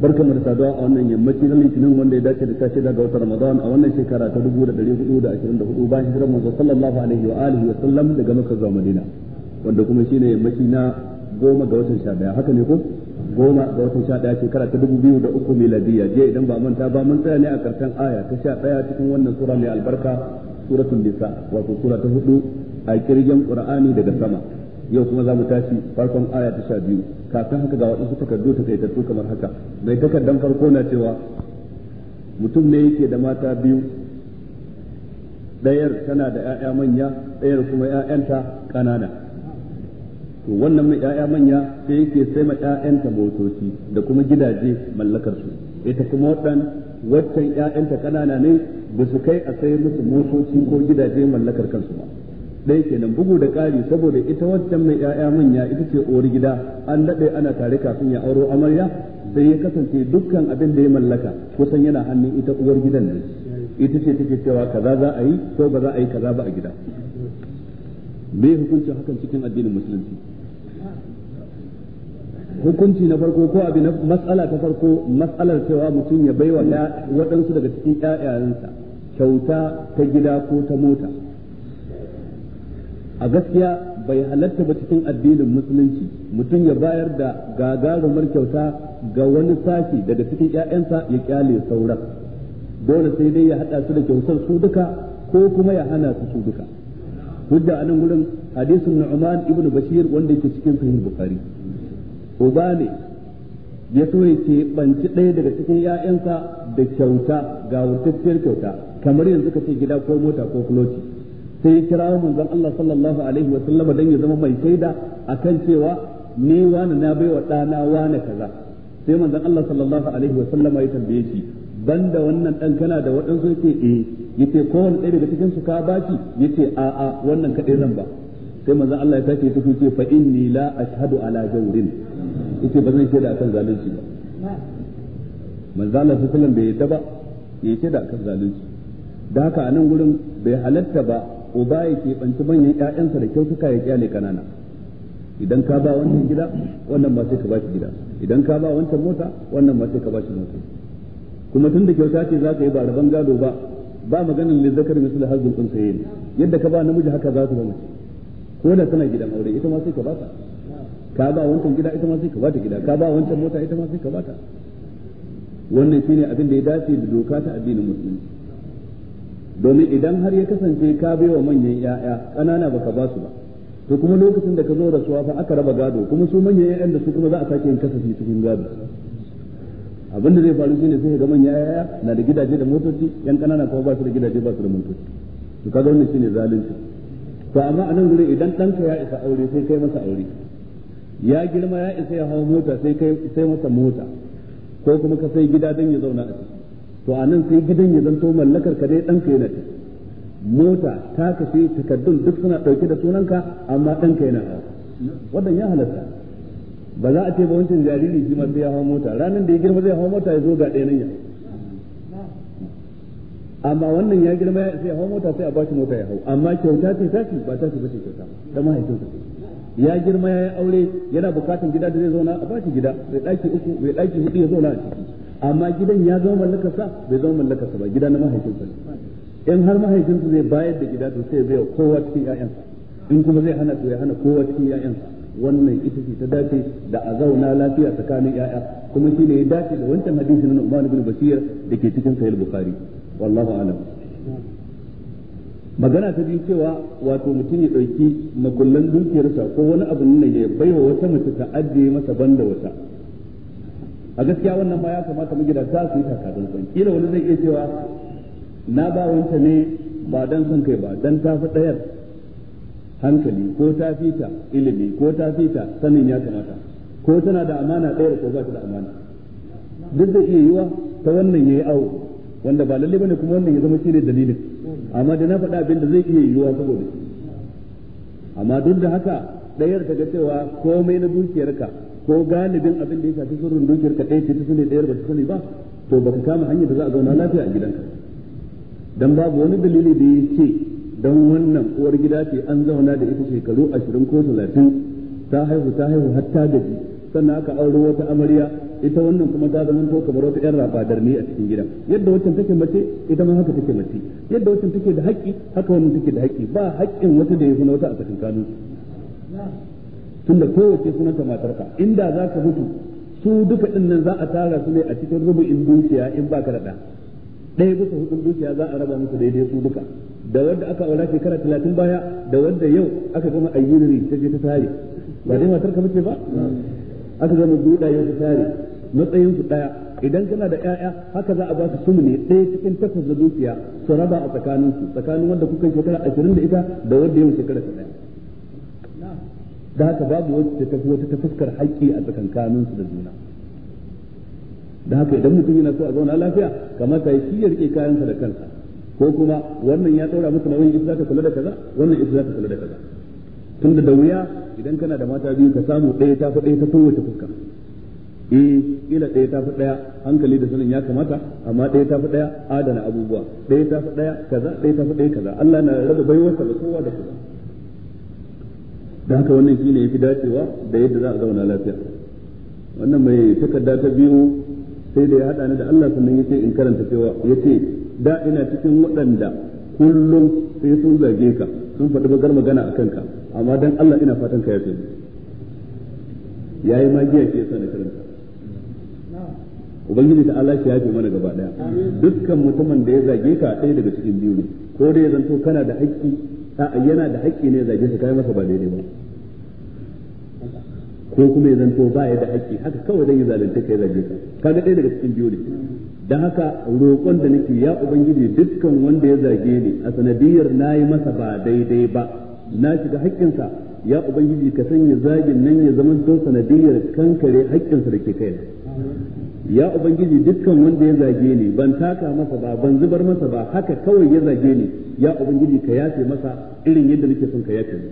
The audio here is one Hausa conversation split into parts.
barkamu da saduwa a wannan yammaci na litinin wanda ya dace da tashi daga watan ramadan a wannan shekara ta dubu da dari hudu da ashirin da hudu bayan hijirar manzo sallallahu alaihi wa alihi wa sallam daga makka zuwa madina wanda kuma shine yammaci na goma ga watan sha haka ne ko goma ga watan sha shekara ta dubu biyu da uku miladiyya je idan ba manta ba mun tsaya ne a karshen aya ta sha cikin wannan sura mai albarka suratul nisa wato sura ta 4 a kirgin qur'ani daga sama yau kuma za mu tashi farkon aya ta sha biyu kafin haka ga waɗansu takardu takaitattu kamar haka mai takardan farko na cewa mutum ne yake da mata biyu ɗayar tana da 'ya'ya manya ɗayar kuma 'ya'yanta ƙanana to wannan mai 'ya'ya manya sai yake sai ma 'ya'yanta motoci da kuma gidaje mallakar su ita kuma waɗan waccan 'ya'yanta ƙanana ne ba su kai a sai musu motoci ko gidaje mallakar kansu ba dai kenan bugu da ƙari saboda ita waccan mai ƴaƴa manya ita ce ori gida an daɗe ana tare kafin ya auro amarya sai ya kasance dukkan abin da ya mallaka kusan yana hannun ita uwar gidan ne ita ce take cewa kaza za a yi ko ba za a yi kaza ba a gida me hukunci hakan cikin addinin musulunci hukunci na farko ko abin matsala ta farko matsalar cewa mutum ya baiwa waɗansu daga cikin ƴaƴayensa kyauta ta gida ko ta mota a gaskiya bai halatta ba cikin addinin musulunci mutum ya bayar da gagarumar kyauta ga wani sashi daga cikin 'ya'yansa ya kyale sauran dole sai dai ya hada su da kyautar su duka ko kuma ya hana su su duka hujja anan gurin hadisin Nu'man ibn Bashir wanda yake cikin sahih Bukhari uba ne ya so ya ce banci ɗaya daga cikin 'ya'yansa da kyauta ga wurtacciyar kyauta kamar yanzu ka ce gida ko mota ko kuloci sai ya kira manzon Allah sallallahu alaihi wa sallama dan ya zama mai shaida akan cewa ni wani na baiwa dana wani kaza sai manzon Allah sallallahu alaihi wa sallama ya tambaye shi banda wannan dan kana da waɗansu yake eh yace wani ɗaya daga cikin su ka baki yace a a wannan kaɗai zan ba sai manzon Allah ya tafi tafi ce fa inni la ashhadu ala jawrin yace ba zan shaida akan zalunci ba manzon Allah sallallahu alaihi wa sallam bai yadda ba yace da akan zalunci da haka a nan gurin bai halatta ba uba ya keɓanci manyan ƴaƴansa da kyautuka ya kyale kanana idan ka ba wancan gida wannan ma sai ka ba shi gida idan ka ba wancan mota wannan ma sai ka ba shi mota kuma tun da kyauta ce za ka yi ba rabon gado ba ba maganin lil zakari misal hazzul unsayin yadda ka ba namiji haka za su ba mace ko da tana gidan aure ita ma sai ka ba ta ka ba wancan gida ita ma sai ka ba ta gida ka ba wancan mota ita ma sai ka ba ta wannan shine abin da ya dace da doka ta addinin musulunci domin idan har ya kasance ka bai wa manyan ya'ya ƙanana baka ba su ba to kuma lokacin da ka zo rasuwa fa aka raba gado kuma su manyan ya'yan da su kuma za a sake yin kasafi cikin gado abin da zai faru shine sai ga manyan ya'ya na da gidaje da motoci yan ƙanana kuma ba su da gidaje ba su da motoci to kaga wannan shine zalunci to amma a nan gure idan ɗanka ya isa aure sai kai masa aure ya girma ya isa ya hawo mota sai kai sai masa mota ko kuma ka sai gida don ya zauna a ciki to a nan sai gidan ya zanto mallakar ka dai ka yana mota ta kashe takaddun duk suna ɗauke da sunanka amma ɗan ka yana hawa wannan ya halatta ba za a ce ba wancan jariri shi ma sai ya hawa mota ranar da ya girma zai hawa mota ya zo ga ɗaya nan ya amma wannan ya girma ya sai hawa mota sai a bashi mota ya hau amma kyauta ce tashi ba ce ba ce kyauta da mahaifinsa ya girma ya yi aure yana bukatan gida da zai zauna a bashi gida mai ɗaki uku mai ɗaki hudu ya zauna a ciki amma gidan ya zama mallakarsa bai zama mallakarsa ba gida na mahaifinsa ne in har mahaifinsa zai bayar da gida to sai bai kowa cikin ƴaƴansa in kuma zai hana to ya hana kowa cikin ƴaƴansa wannan ita ce ta dace da a zauna lafiya tsakanin ƴaƴa kuma shi ne ya dace da wancan hadisi na Umar ibn Basir da ke cikin Sahih Bukhari wallahu a'lam magana ta biyu cewa wato mutum ya ɗauki makullan dukiyarsa ko wani abu ne ya baiwa wata mace ta ajiye masa banda wata a gaskiya wannan ma ya kamata mu gida za su yi takatsantsan kila wani zai iya cewa na ba wanta ne ba dan son kai ba dan ta fi ɗayar hankali ko ta fita ilimi ko ta fita sanin ya kamata ko tana da amana da ko ba ta da amana duk da iya yiwa ta wannan ya yi awo wanda ba lalle bane kuma wannan ya zama shine dalilin amma da na faɗa abin da zai iya yiwa saboda amma duk da haka ɗayar ta ga cewa komai na dukiyarka ko galibin abin da ya shafi sirrin dukiyar ka ɗaya ce ta sani ɗayar ba ta sani ba to baka kama hanyar da za a zauna lafiya a gidanka dan babu wani dalili da ya ce dan wannan uwar gida ce an zauna da ita shekaru ashirin ko talatin ta haihu ta haihu har ta gaji sannan aka auro wata amarya ita wannan kuma ta zama ko kamar wata yar rabadar ne a cikin gidan yadda wancan take mace ita ma haka take mace yadda wancan take da haƙƙi haka wannan take da haƙƙi ba haƙƙin wata da ya fi na wata a tsakanin kanu tunda kowace sunanta matarka inda za ka mutu su duka din nan za a tara su ne a cikin rubu'in dukiya in ka da ɗaya bisa hudun dukiya za a raba musu daidai su duka da wanda aka aura shekara talatin baya da wanda yau aka gama ayyuri ta je ta tare ba dai matarka mace ba aka gama buɗa yau ta tare matsayin su ɗaya idan kana da ƴaƴa haka za a ba su ne ɗaya cikin takwas da dukiya su raba a tsakaninsu tsakanin wanda kuka shekara ashirin da ita da wanda yau shekara ta ɗaya da haka babu wacce ta wata ta fuskar haƙƙi a tsakankanin su da juna da haka idan mutum yana so a zauna lafiya kamata ya shi ya rike kayansa da kansa ko kuma wannan ya daura masa nauyin ita ta kula da kaza wannan ita ta kula da kaza tunda da wuya idan kana da mata biyu ka samu ɗaya ta fi ɗaya ta kowace fuska eh ila ɗaya ta fi ɗaya hankali da sanin ya kamata amma ɗaya ta fi ɗaya adana abubuwa ɗaya ta fi ɗaya kaza ɗaya ta fi ɗaya kaza Allah na raba baiwarsa da kowa da kowa da haka wannan shine yafi dacewa da yadda za a zauna lafiya wannan mai takarda ta biyu sai da ya hada ni da Allah sannan yace in karanta cewa yace da ina cikin waɗanda kullum sai sun zage ka sun faɗi bagar magana a kanka amma dan Allah ina fatan ka Ya yayi magiya ce yasa na karanta ubangiji ta Allah shi yafe mana gaba daya dukkan mutumin da ya zage ka ɗaya daga cikin biyu ne ko da ya zanto kana da haƙƙi a yana da haƙƙi ne zage shi kai masa ba daidai ba ko kuma ya zanto ba ya da haƙƙi haka kawai dan ya zalunta kai zage ka kaga ɗaya daga cikin biyu ne dan haka roƙon da nake ya ubangiji dukkan wanda ya zage ni a sanadiyar nayi masa ba daidai ba na shiga haƙƙinsa ya ubangiji ka sanya zagin nan ya zama don sanadiyar kankare haƙƙinsa da ke kai. ya ubangiji dukkan wanda ya zage ni ban taka masa ba ban zubar masa ba haka kawai ya zage ni ya ubangiji ka yafe masa irin yadda nake son ka yafe ni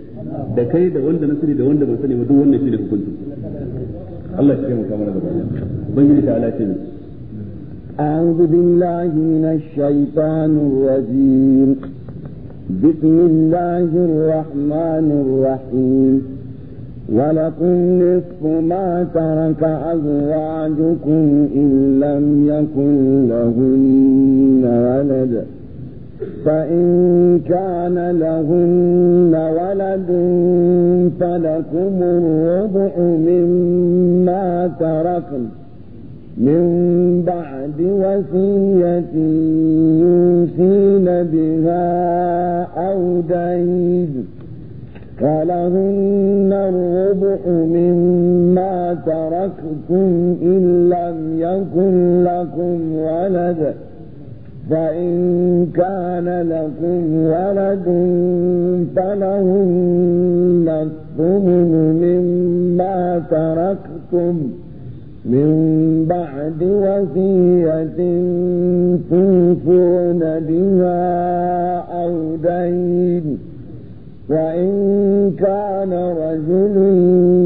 da kai da wanda na sani da wanda ban sani ba duk wannan shine hukunci Allah ya taimaka mana gaba ubangiji ta ala ce أعوذ بالله من الشيطان الرجيم بسم الله الرحمن الرحيم ولكم نصف ما ترك أزواجكم إن لم يكن لهن ولد فإن كان لهن ولد فلكم الربع مما تركن من بعد وصية يوصين بها أو دين فلهن الربع مما تركتم إن لم يكن لكم ولد فإن كان لكم ولد فلهن الثمن مما تركتم من بعد وصية توفون بها أو دين وإن كان رجل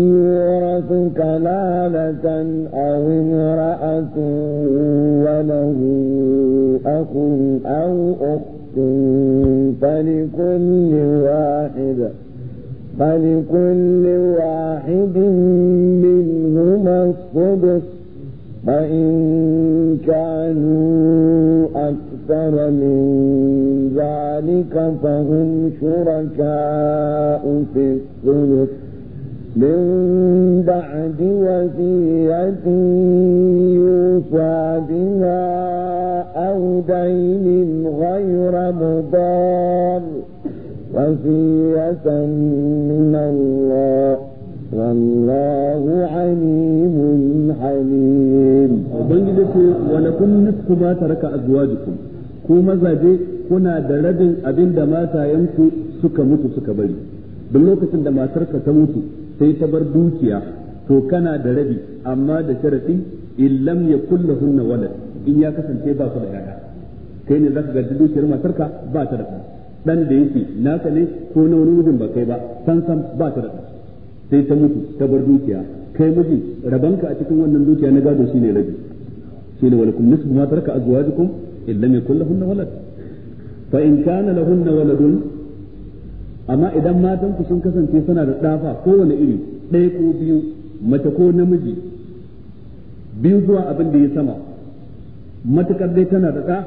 يورث كلالة أو امرأة وله أخ أو أخت فلكل واحد فلكل واحد منهما الصدق فإن كانوا أكثر من ذلك فهم شركاء في الثلث من بعد وفيه يوصى بها أو دين غير مضار وفيه من الله والله عليم حليم وبنجدك ولكم نصف ما ترك أزواجكم كو زاد kuna da rabin abin da yanku suka mutu suka bari duk lokacin da matarka ta mutu sai ta bar dukiya to kana da rabi amma da sharadi illam yakul lahunna walad in ya kasance ba su da yaya kai ne zaka gaji dukiyar matarka ba ta da dan da yake naka ne ko na wani mijin ba kai ba san san ba ta da sai ta mutu ta bar dukiya kai miji rabanka a cikin wannan dukiya na gado shine rabi shine walakum nisbu ma taraka azwajukum illam yakul lahunna walad fa in kana lahunna waladun amma idan matan ku sun kasance suna da dafa kowane iri ɗaya ko biyu mace ko namiji biyu zuwa abin da ya sama matukar dai tana da ɗa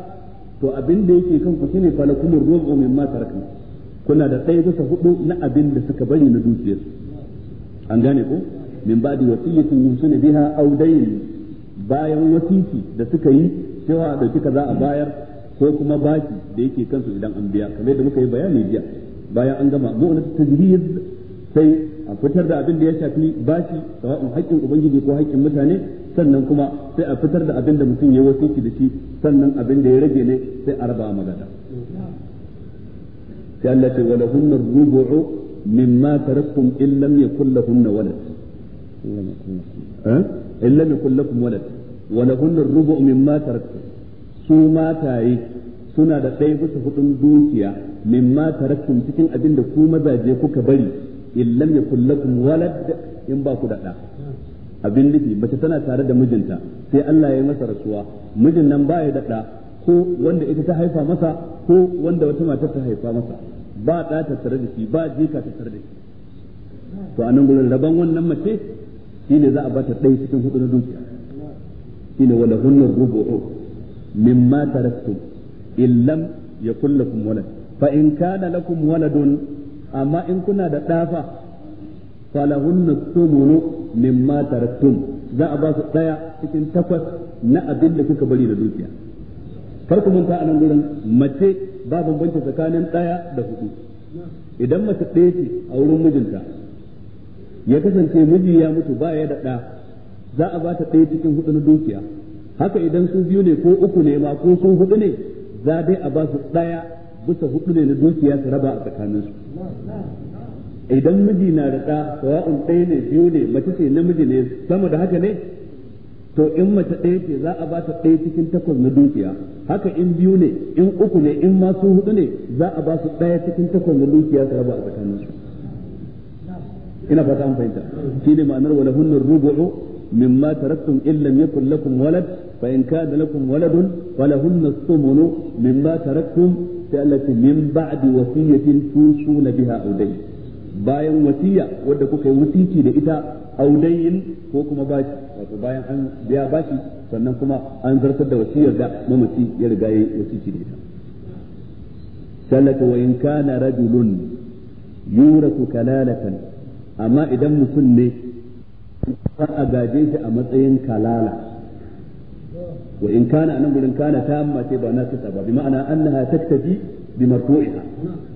to abin da yake kan ku shine falakumur min ma tarakna kuna da ɗaya zuwa hudu na abin da suka bari na dukiyarsu an gane ko min ba'di wasiyatin yusuna biha aw dayn bayan wasiki da suka yi cewa a dauki za a bayar ko kuma baki da yake kansu idan an biya kamar yadda muka yi bayani jiya bayan an gama na tajrid sai a fitar da abin da ya shafi bashi sawa'un haƙƙin ubangiji ko haƙƙin mutane sannan kuma sai a fitar da abin da mutum ya wasiki da shi sannan abin da ya rage ne sai a raba magana sai Allah ce wala hunna rubu'u mimma tarakum in lam yakul lahunna walad eh? in lam yakul lakum walad wala hunna rubu'u mimma tarakum su mataye suna da ɗaya bisa hudun dukiya mimma taraktum cikin abin da ku mazaje kuka bari illam yakul lakum walad in ba ku da ɗa abin nufi mace tana tare da mijinta sai Allah ya masa rasuwa mijin nan ba ya daɗa ko wanda ita ta haifa masa ko wanda wata mata ta haifa masa ba ɗa ta tare da shi ba jika ta tare da shi to anan gurin rabon wannan mace shine za a bata ɗaya cikin hudun dukiya shine wala hunnar rubu'u mimma taraktum illam yakul lakum walad fa in kana lakum waladun amma in kuna da dafa falahunna thumunu mimma taraktum za a ba su daya cikin takwas na abin kuka bari da dukiya kar ku manta anan gurin mace ba bambanci tsakanin ɗaya da hudu idan mace ɗaya ce a wurin mijinta ya kasance miji ya mutu ba ya da ɗa za a ba ta ɗaya cikin hudu na dukiya haka idan su biyu ne ko uku ne ma ko sun hudu ne za dai a ba su daya bisa hudu ne na dukiya su raba a tsakanin su idan miji na da ɗa sawa'un ɗaya ne biyu ne mace ce namiji ne sama da haka ne to in mace ɗaya ce za a ba ta ɗaya cikin takwas na dukiya haka in biyu ne in uku ne in ma su hudu ne za a ba su ɗaya cikin takwas na dukiya su raba a tsakanin su ina fata an fahimta shi ne ma'anar wala hunnar rubu'u mimma taraktum illam yakul lakum walad فإن كان لكم ولد فلهن الثمن مما تركتم التي من بعد وصية توصون بها أو دين bayan wasiya wadda kuka yi wasiki da ita audayin ko kuma bashi wato bayan an biya bashi sannan kuma an zartar da wasiyar da mamaci ya riga yi wasiki da ita sallata wa in kana rajulun yuraku kalalatan amma idan mutum ne ba a gaje shi a matsayin kalala wa in kana anan gurin kana amma ce ba na kisa ba bi ma'ana annaha taktafi bi marfu'iha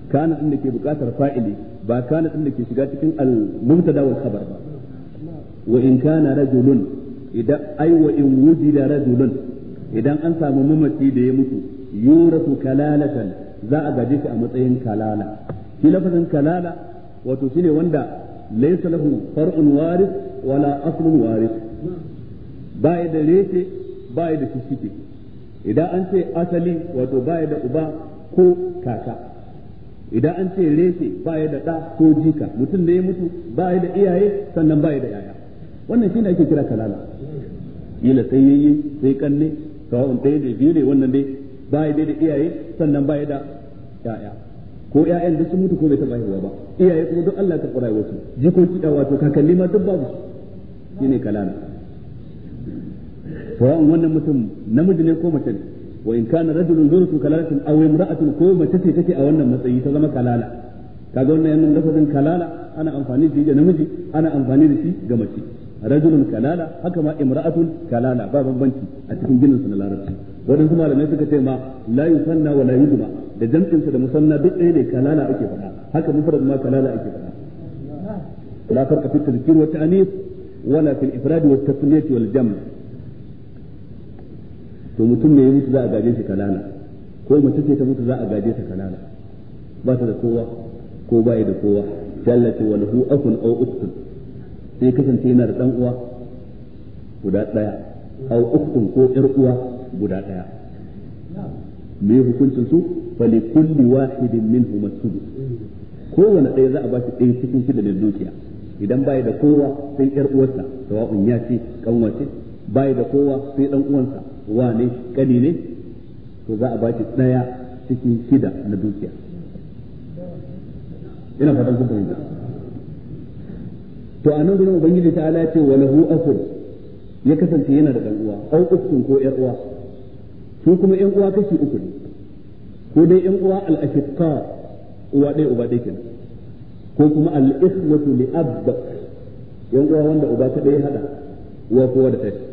kana inda ke bukatar fa'ili ba kana inda ke shiga cikin al-mubtada wal khabar ba wa in kana rajulun idan ai wa in wujida rajulun idan an samu mamaci da ya mutu yurasu kalalatan za a gaji ka a matsayin kalala shi lafazin kalala wato shine wanda laysa lahu far'un waris wala aslun waris ba ya da reshe ba ya da shishike idan an ce asali wato ba ya da uba ko kaka idan an ce reshe ba ya da ɗa ko jika mutum da ya mutu ba ya da iyaye sannan ba ya da yaya wannan shine ake kira kalala kila sai yayi sai kanne sawa'un ɗaya da biyu ne wannan dai ba ya da iyaye sannan ba ya da yaya ko yayan da sun mutu ko bai taɓa haihuwa ba iyaye kuma duk Allah ta ƙura wasu jikoki da wato kakanni ma duk babu shine kalala sawa'un wannan mutum namiji ne ko mace ne wa in kana rajulun zurtu kalalatin aw imra'atun ko mace ce take a wannan matsayi ta zama kalala kaga wannan yannan lafazin kalala ana amfani da shi ga namiji ana amfani da shi ga mace rajulun kalala haka ma imra'atun kalala ba bambanci a cikin ginin sa na larabci wadansu malamai suka ce ma la yusanna wa la yujma da jamcin sa da musanna duk ɗaya ne kalala ake faɗa haka mufrad ma kalala ake faɗa la farqa fi at-tadhkir wa at-ta'nith ولا في الإفراد والتثنية والجمع to mutum ne ya mutu za a gaje shi kanana ko mace ce ta mutu za a gaje ta kanana ba ta da kowa ko ba da kowa sai Allah ce wa lahu akun aw ukhtun sai kasance yana da dan uwa guda daya aw ukhtun ko yar uwa guda daya me hukuncin su fa li kulli wahidin minhum as-sudus kowanne ɗaya za a ba shi ɗaya cikin shida da dukiya idan yi da kowa sai yar uwarsa sawa'un ya ce kanwa ce bai da kowa sai dan uwansa wane kani ne to za a ba shi daya cikin shida na dukiya ina fatan kun fahimta to a nan gurin ubangiji ta ala ce wa lahu akhur ya kasance yana da dan uwa au ukun ko yar uwa su kuma yan uwa kashi uku ne ko dai yan uwa al ashiqa uwa dai uba dai kenan ko kuma al ikhwatu li ab yan uwa wanda uba ta dai hada uwa kowa da tashi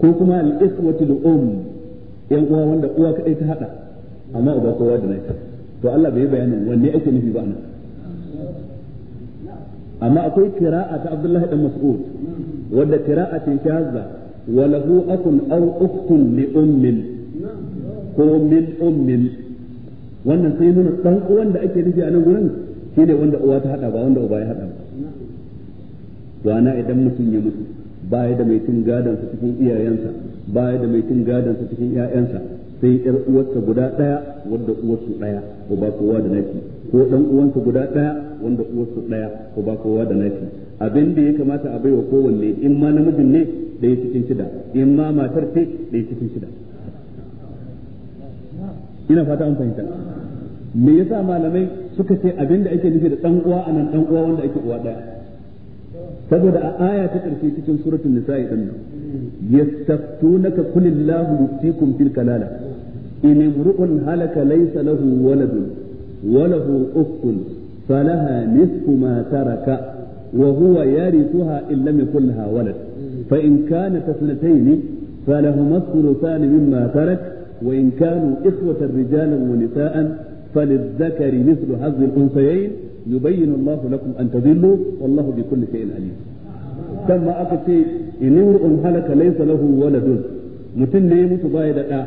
ko kuma al-ikhwatu al-um yan uwa wanda uwa kadai ta hada amma uba kowa da nasa to Allah bai bayanin wanne ake nufi ba nan amma akwai qira'a ta Abdullahi dan Mas'ud wadda qira'a ce shazza wa lahu akun aw ukhtun li ummin ko min ummin wannan sai nuna dan uwan da ake nufi a nan gurin shine wanda uwa ta hada ba wanda uba ya hada ba to ana idan mutum ya mutu baya da mai cin gadansa cikin iyayensa baya da mai cin gadansa cikin iyayensa sai 'yar uwarsa guda ɗaya wanda uwarsu ɗaya ko ba kowa da nafi ko dan uwansa guda ɗaya wanda uwarsu ɗaya ko ba kowa da nafi abin da ya kamata a baiwa kowanne in ma namijin ne ya cikin shida in ma matar ce ya cikin shida ina fata an fahimta me yasa malamai suka ce abin da ake nufi da dan uwa anan dan uwa wanda ake uwa ɗaya saboda a aya ta karshe cikin suratul nisa'i din nan yastaftunaka qul yuftikum fil kalala in imru'un halaka laysa lahu waladun wa lahu ukhtun falaha nisfu ma taraka wa huwa yarithuha in lam yakul laha walad fa in kanat ithnatayn فلهما الثلثان مما ترك وإن كانوا إخوة رجالا ونساء فللذكر مثل حظ الأنثيين yubayyinu Allah lakum an tadillu wallahu bi kulli shay'in alim dan ma aka ce inurun halaka laysa lahu waladun mutum ne mutu baya da da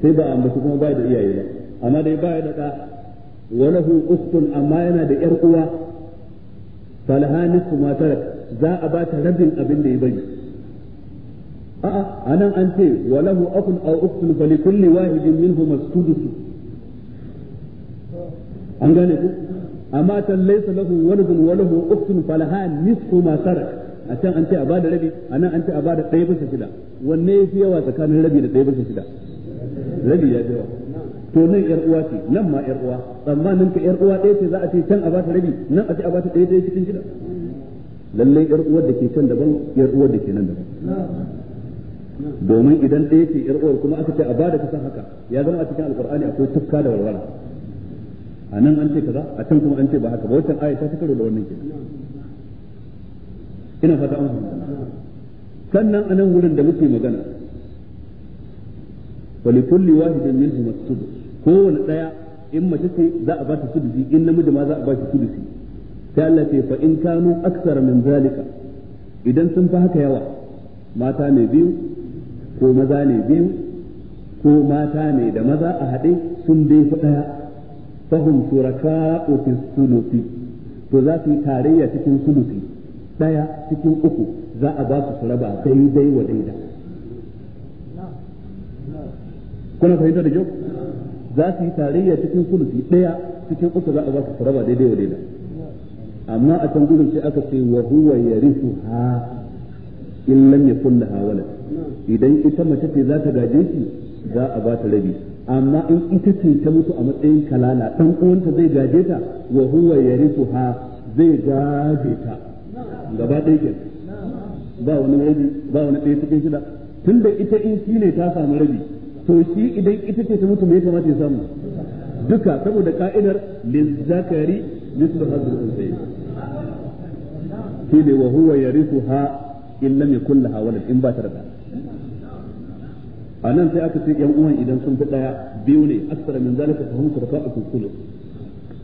sai ba ambaci kuma baya da iyaye ba amma dai baya da da walahu ukhtun amma yana da yar uwa falaha nisfu ma tarak za a ba ta rabin abinda ya bari a'a anan an ce walahu akhun aw ukhtun falikulli wahidin minhum as an gane ku amma tan laysa lahu waladun wa lahu ukhtun falaha nisfu ma tarak a can an ce a bada rabi a nan an ce a bada ɗaya bisa shida wanne ya fi yawa tsakanin rabi da ɗaya bisa shida rabi ya fi yawa to nan yar uwa ce nan ma yar uwa tsammanin ka yar uwa ɗaya ce za a ce can a bata rabi nan a ce a bata ɗaya ɗaya cikin shida lallai yar uwar da ke can daban yar uwar da ke nan daban domin idan ɗaya ce yar uwar kuma aka ce a bada kusan haka ya zama a cikin alkur'ani akwai tufka da walwala a nan an ce kaza a can kuma an ce ba haka ba wancan aya ta karo da wannan kenan ina fata an sannan a nan wurin da muke magana walikulli wahidin minhum as-sudus kowane daya in mace ce za a ba ta sudusi in namiji ma za a ba shi sudusi sai Allah ce fa in kanu aksara min zalika idan sun fi haka yawa mata ne biyu ko maza ne biyu ko mata ne da maza a haɗe sun dai fi ɗaya fahim shuraka'u fi sulusi to za su yi tarayya cikin sulusi daya cikin uku za a ba su raba daidai wa daida kuna fahimta da kyau za su yi tarayya cikin sulusi daya cikin uku za a ba su raba daidai wa daida amma a can gudun sai aka ce wa huwa ha in lam yakun laha walad idan ita mace ce za ta gaje shi za a ba ta rabi amma in ita ce ta mutu a matsayin kalala dan uwanta zai gaje ta wa huwa yarithuha zai gaje ta gaba ɗaya ke ba wani rabi ba wani ɗaya cikin shida tunda ita in shi ne ta samu rabi to shi idan ita ce ta mutu me ya kamata ya samu duka saboda ka'idar lizzakari mislu hadhihi al-unsayn ne wa huwa yarithuha in lam yakun laha walad in ba ta da a nan sai aka ce yan uwan idan sun fi daya biyu ne aksara min zalika fa hum shurakaa'u kullu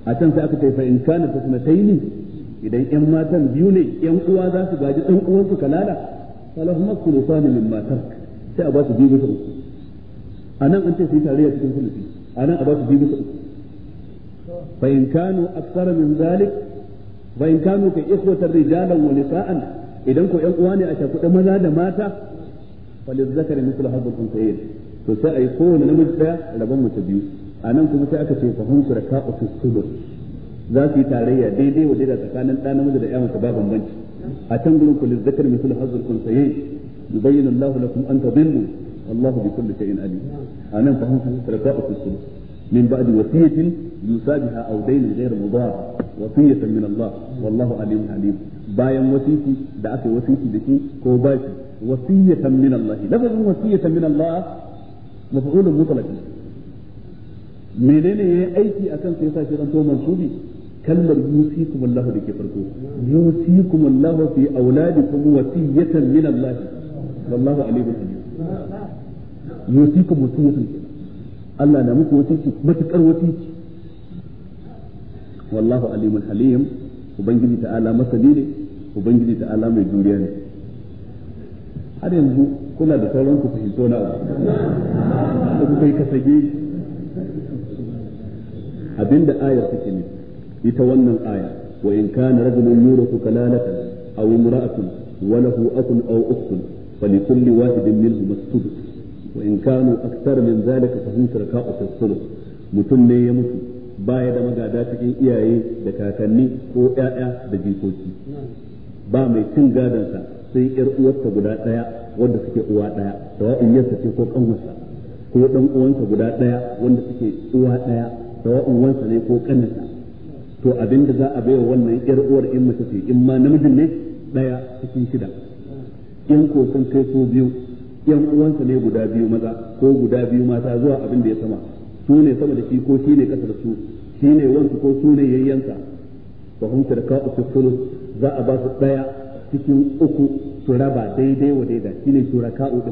a can sai aka ce fa in kana tasmataini idan yan matan biyu ne yan uwa za su gaji dan uwan su kalala falahum as min mimma tark sai a ba su biyu su a nan an ce su yi tarayya cikin sulusi a nan a ba su biyu su fa in kanu aksara min zalik fa in kanu ka iswatar rijalan wa nisa'an idan ko ƴan uwa ne a shakuɗe maza da mata falil zakari mislu hadhul unsayin to sai ayi kowane namiji daya rabon mace biyu anan kuma sai aka ce fa hum shuraka'u fi sulus za su yi tarayya daidai wa daidai tsakanin ɗan namiji da ƴa mace ba bambanci a can gurin kulil zakari mislu hadhul unsayin yubayyinu Allahu lakum an tadillu Allahu bi kulli shay'in alim anan fa hum shuraka'u fi sulus min ba'di wasiyatin yusa aw daynin ghayr mudar wasiyatan min Allah wallahu alim alim bayan wasiki da aka yi wasiki da shi ko ba shi wasiyatan min Allah lafazin wasiyatan min Allah maf'ulun mutlaq menene yayi aiki akan sai yasa shi zanto mansubi kalmar yusikum Allah da ke farko yusikum Allah fi auladikum wasiyatan min Allah wallahu alimul hakim yusikum wasiyatan Allah na muku wasiki matukar wasiki wallahu alimul halim ubangiji ta'ala masani ne ubangiji ta'ala mai juriya ne har yanzu kuna da sauran ku fahimto na da kuka yi kasage abinda ayar take ne ita wannan aya wa in kana rajulun yuraku kalalatan aw imra'atun wa lahu akun aw ukhtun فلكل واحد منهم السدس وإن كانوا أكثر من ذلك فهم شركاء mutum ne ya mutu. ba ya da magada cikin iyaye da kakanni ko ƴaƴa da jikoki ba mai cin gadonsa sai yar uwarsa guda ɗaya wanda suke uwa ɗaya sawa'in yarsa ce ko ƙanwarsa ko ɗan uwansa guda ɗaya wanda suke uwa ɗaya sawa'in wansa ne ko kaninsa to abin da za a baiwa wannan yar uwar in mace ce in ma namijin ne ɗaya cikin shida in ko sun kai so biyu yan uwansa ne guda biyu maza ko guda biyu mata zuwa abin da ya sama su ne sama da shi ko shi ne kasar su shi ne wansu ko su ne yayyansa fa da kawo su za a ba su daya cikin uku su raba daidai wa daida shi ne raka uku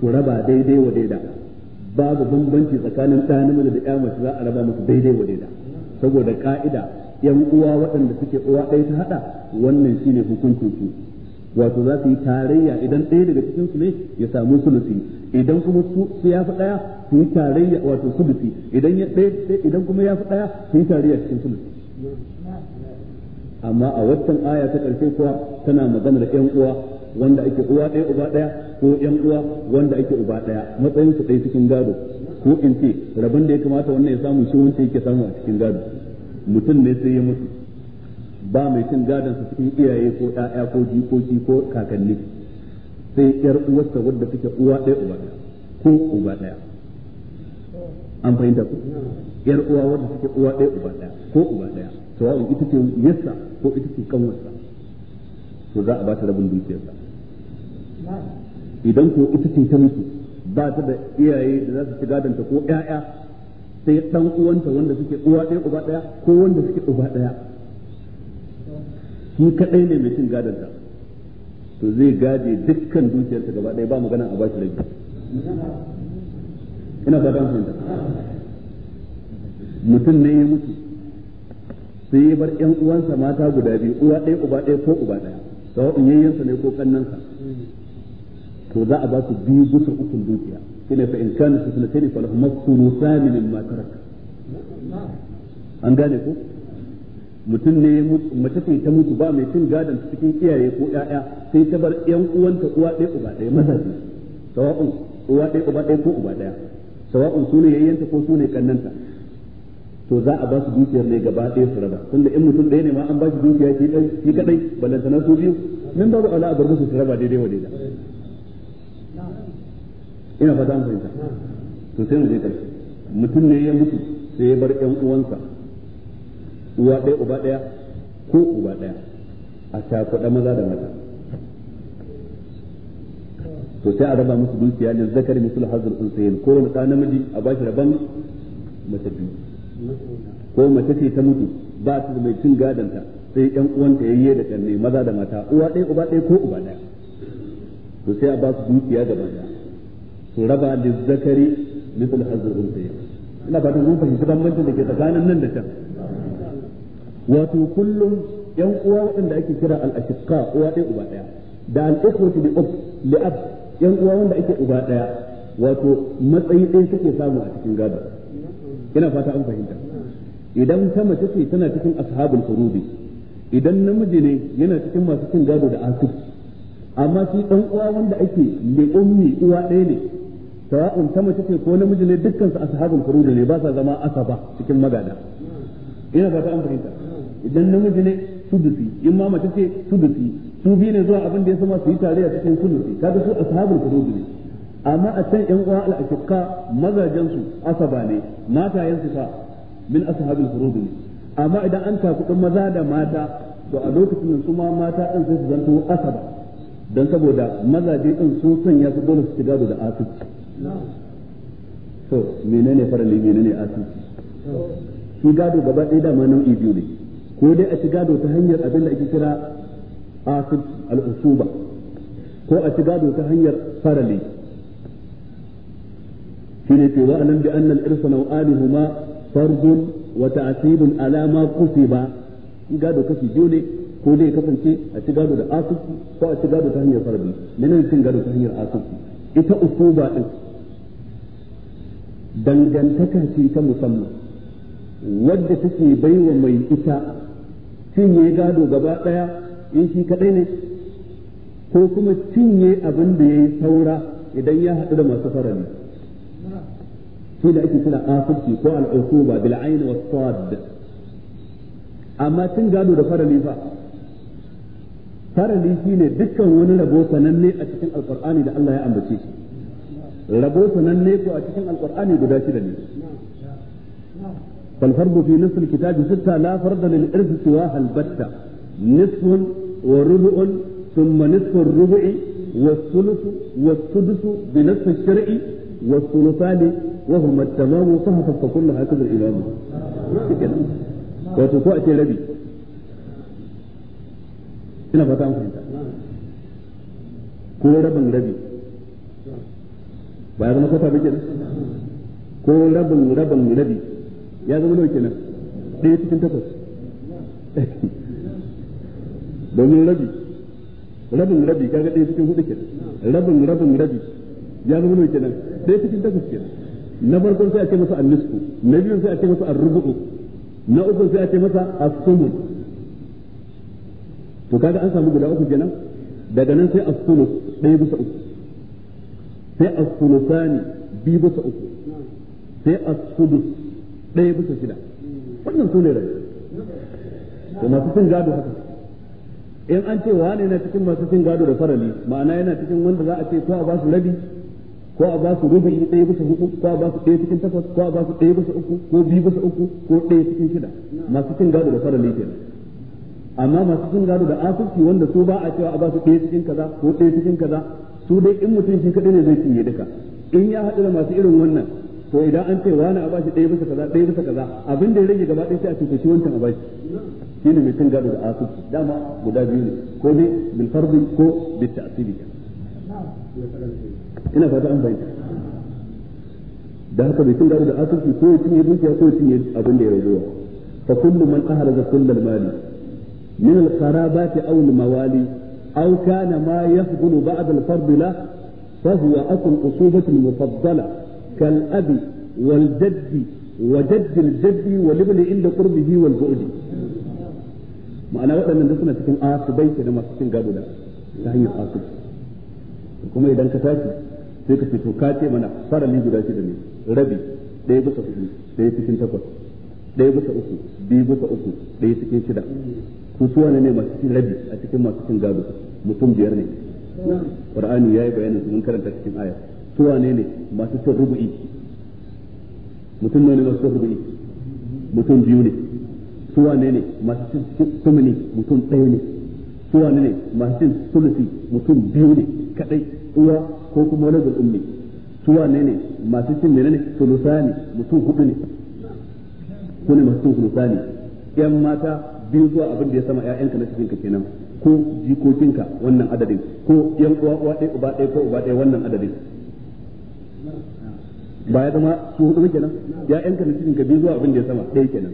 su raba daidai wa daida babu bambanci tsakanin ɗa namiji da ƴa mace za a raba musu daidai wa daida saboda ka'ida yan uwa waɗanda suke uwa ɗaya ta haɗa wannan shi ne hukuncin su wato za su yi tarayya idan ɗaya daga cikin su ne ya samu sulusi idan kuma su ya fi ɗaya su yi tarayya wato sulusi idan ya ɗaya idan kuma ya fi ɗaya su yi tarayya cikin sulusi amma a watan aya ta ƙarshe kuwa tana magana da ƴan uwa wanda ake uwa ɗaya uba ɗaya ko ƴan uwa wanda ake uba ɗaya matsayin su ɗaya cikin gado ko in ce rabin da ya kamata wannan ya samu shi wancan yake samu a cikin gado mutum ne sai ya mutu ba mai cin gadon su cikin iyaye ko ƴaƴa ko jikoki ko kakanni sai yar uwarsa wadda take uwa ɗaya uba ɗaya ko uba ɗaya an fahimta ku yar uwa wadda take uwa ɗaya uba ɗaya ko uba ɗaya to wa ita ce yassa ko ita ce kanwarsa to za a ba ta rabin dukiyarsa idan ko ita ce ta mutu ba ta da iyaye da za su ci ta ko ƴaƴa sai ɗan uwanta wanda suke uwa ɗaya uba ɗaya ko wanda suke uba ɗaya shi kadai ne mai cin gadonta to zai gade dukkan dukiyarsa gaba ɗaya ba magana a bashi rabi ina fata mun fahimta mutum ne ya mutu sai ya bar ƴan uwansa mata guda biyu uwa ɗaya uba ɗaya ko uba ɗaya sawa'un yayyansa ne ko kannansa to za a ba su biyu gusa ukun dukiya shine fa in kana su sunatai ne fa lahum mimma taraka an gane ko mutum ne mace ce ta mutu ba mai cin gadon cikin iyaye ko ƴaƴa sai ta bar ƴan uwanta uwa ɗaya uba ɗaya mazaje sawa'un uwa ɗaya uba ɗaya ko uba ɗaya sawa'un su ne yayyanta ko su ne kannanta to za a ba su dukiyar ne gaba ɗaya su raba tunda in mutum ɗaya ne ma an ba shi dukiya shi ɗan shi kaɗai na su biyu nan babu ala a bar musu su raba daidai wa daidai ina fata an fahimta to sai mu je ƙarshe mutum ne ya mutu sai ya bar ƴan uwansa uwa ɗaya uba ɗaya ko uba ɗaya a takuɗa maza da mata to sai a raba musu dukiya ne zakari musul hazar unsayin ko wani ɗan namiji a bashi rabon mace biyu ko mace ce ta mutu ba su da mai cin gadanta sai yan uwanta yayye da kanne maza da mata uwa ɗaya uba ɗaya ko uba ɗaya to sai a ba su dukiya da mata su raba da zakari misal hazar unsayin ina fatan mun fahimci bambancin da ke tsakanin nan da can wato kullum yan uwa wanda ake kira al-ashiqa uwa ɗaya uba ɗaya da al ikhwati bi ab li ab yan uwa wanda ake uba ɗaya wato matsayi ɗaya suke samu a cikin gado ina fata an fahimta idan ta mace ce tana cikin ashabul furubi idan namiji ne yana cikin masu cin gado da asir amma shi dan uwa wanda ake li ummi uwa ɗaya ne sawa'un ta mace ce ko namiji ne dukkan su ashabul furubi ne ba sa zama asaba cikin magada ina fata an fahimta idan namiji ne sudusi in ma mace ce sudusi su biyu ne zuwa abin da ya sama su yi tare a cikin sudusi kaga su ashabul furud ne amma a can yan uwa al-ashiqa mazajen su asaba ne matayen su fa min ashabul furud ne amma idan an ta kudin maza da mata to a lokacin su ma mata din sai su zanto asaba dan saboda mazaje din sun sanya su dole su shiga da asibiti to menene farali menene asibiti shi gado gaba ɗaya da ma nau'i biyu ne ko dai a shiga ta hanyar abin da ake kira asib al'usuba ko a shiga ta hanyar farali shine ce wa'alam bi anna al-irsa naw'aluhuma fardun wa ta'sibun ala ma kusiba gado kashi biyu ne ko dai kasance a ci da asusu ko a ci gado ta hanyar farale farbi menene cin gado ta hanyar asusu ita usuba din dangantaka ce ta musamman wadda take baiwa mai ita cinye gado gaba ɗaya in shi kaɗai ne ko kuma cinye abin da yi saura idan ya haɗu da masu farali shi da ake kira afirki ko al'uquba bil ayn sad amma cin gado da farali fa shi ne dukkan wani rabo sananne a cikin alqur'ani da Allah ya ambace shi rabo sananne ko a cikin al'kur'ani guda shida ne فالفرد في نصف الكتاب ستة لا فرد للإرث سواها البتة نصف وربع ثم نصف الربع والثلث والسدس بنصف الشرع والثلثان وهما التمام فهفت فكل هكذا الإمام وتقوأتي ربي إلى فتاة كل رب ko بعد ما كتب كل رب رب bikin ya zama nawa kenan ɗaya cikin takwas domin rabi rabin rabi kaga ɗaya cikin hudu kenan rabin rabin rabi ya zama nawa kenan ɗaya cikin takwas kenan na farkon sai a ce masa annisku na biyun sai a ce masa arrubu na uku sai a ce masa asumun to kaga an samu guda uku kenan daga nan sai asulu ɗaya bisa uku sai sani biyu bisa uku sai asulus ɗaya bisa shida wannan su ne rai da masu cin gado haka in an ce wane yana cikin masu cin gado da farali ma'ana yana cikin wanda za a ce ko a ba su rabi ko a ba su rubu'i ɗaya bisa hudu ko a ba su ɗaya cikin takwas ko a ba su ɗaya bisa uku ko biyu bisa uku ko ɗaya cikin shida masu cin gado da farali kenan amma masu cin gado da asirci wanda su ba a cewa a ba su ɗaya cikin kaza ko ɗaya cikin kaza su dai in mutum shi kaɗai ne zai cinye duka in ya haɗu da masu irin wannan to idan an ce wani a bashi ɗaya bisa kaza ɗaya bisa kaza abin da ya rage gaba ɗaya sai a ce shi wancan a bashi shi ne mai cin gado da asusu dama guda biyu ne ko bi bil farbi ko bil ta'siri ina fata an bayyana da haka bai cin gado da asusu ko ya cinye dukiya ko ya cinye abin da ya rage wa fa kullu man ahara da kullal mali min al qarabati aw al mawali aw kana ma yafdulu ba'da al fardi la aqul usubati al mufaddala كالأب والجد وجد الجد والابن عند قربه والبعد ma'ana waɗannan suna cikin asibai ke da masu cin gado da hanyar asib kuma idan ka tashi sai ka fito kace ce mana farali guda shida ne rabi ɗaya bisa hudu ɗaya cikin takwas ɗaya bisa uku biyu bisa uku ɗaya cikin shida ku su ne masu cin rabi a cikin masu cin gado mutum biyar ne qur'ani yayi bayanin mun karanta cikin su wane ne masu son rubu'i mutum ne masu son rubu'i mutum biyu ne su wane ne masu cin sumuni mutum ɗaya ne su wane ne masu cin sulusi mutum biyu ne kadai uwa ko kuma wani ummi su wane ne masu cin menene sulusani mutum hudu ne ko ne masu cin sulusani yan mata biyu zuwa abin da ya sama ƴaƴanka na cikin ka kenan ko jikokinka wannan adadin ko yan uwa uwa ɗaya uba ɗaya ko uba ɗaya wannan adadin ba ya zama su hudu kenan ya yanka na cikin ka biyu zuwa abin da ya sama ɗaya kenan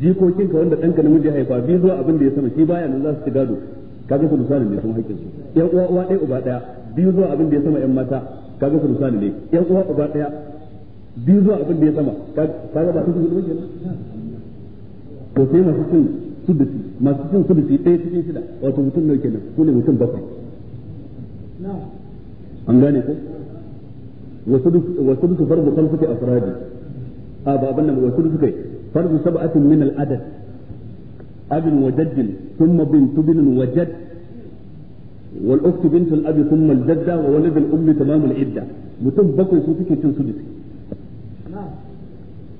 jikokin ka wanda ɗanka namiji ya haifa biyu zuwa abin da ya sama shi baya nan za su ci gado kaga ku misalin ne sun haƙƙin su ƴan uwa uwa ɗaya uba ɗaya biyu zuwa abin da ya sama ƴan mata kaga ku misalin ne ƴan uwa uba ɗaya biyu zuwa abin da ya sama kaga ba su hudu ne kenan to sai masu cin sudufi masu cin sudufi ɗaya cikin shida wato mutum ne kenan sune ne mutum bakwai an gane ko وسدس فرض خمسة أفراد أبا أبنا وسدس كي فرض سبعة من العدد أب وجد ثم بنت ابن وجد والأخت بنت wa ثم الجدة ummi الأم تمام idda mutum bakwai su suke cin sudu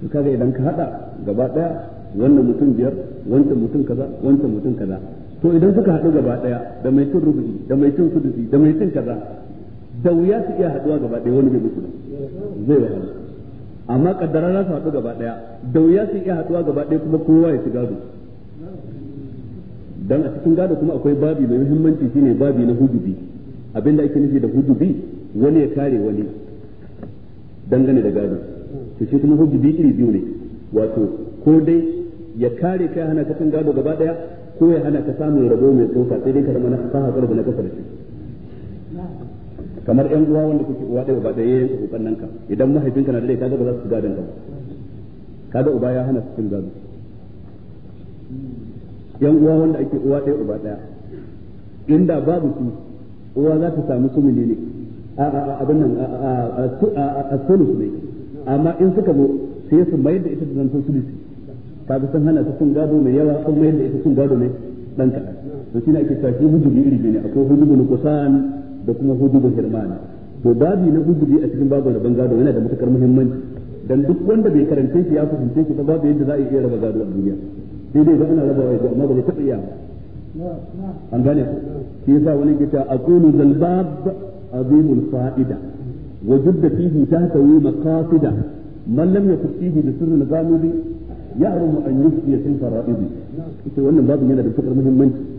to kaga idan ka hada gaba daya wannan mutum biyar wancan mutum kaza wancan mutum kaza to idan suka hadu gaba daya da mai cin rubuci da mai cin sudusi da mai cin kaza da wuya su iya haduwa gaba ɗaya wani bai mutu ba zai wahala amma kaddara za su haɗu gaba ɗaya da wuya su iya haduwa gaba ɗaya kuma kowa ya shiga gado dan a cikin gado kuma akwai babi mai muhimmanci shine babi na hudubi abinda ake nufi da hudubi wani ya kare wani dangane da gado to shi kuma hudubi iri biyu ne wato ko dai ya kare kai hana ka cin gado gaba daya ko ya hana ka samun rabo mai tsoka sai dai ka zama na fasaha da na kasar shi kamar yan uwa wanda kuke uwa ɗaya uba ɗaya yayin ku nan ka idan mahaifinka na da kaga ba za su gadan ka ba kaga uba ya hana su cin gado yan uwa wanda ake uwa ɗaya uba ɗaya inda babu su uwa za ta samu sumuni ne a a abin nan a a sulus ne amma in suka zo sai su mayar da ita da zanto sulusi kaga sun hana su cin gado mai yawa sun mayar da ita cin gado ne dan kaɗan to ne ake cewa shi hujjubi iri ne akwai hujjubul kusan da kuma hujubu hirmani to babi na hujubi a cikin babu rabon gado yana da matukar muhimmanci dan duk wanda bai karanta shi ya fahimce shi ba babu yadda za a iya raba gado a duniya sai dai ga ana rabawa yadda amma ba zai taɓa iya an gane ku shi yasa wani ke ta aqulu zal bab azimul fa'ida wa judda fihi tahtawi maqasida man lam yakun fihi bi sirrin zamudi ya'lamu an yufdi fi fara'idi wannan babu yana da matukar muhimmanci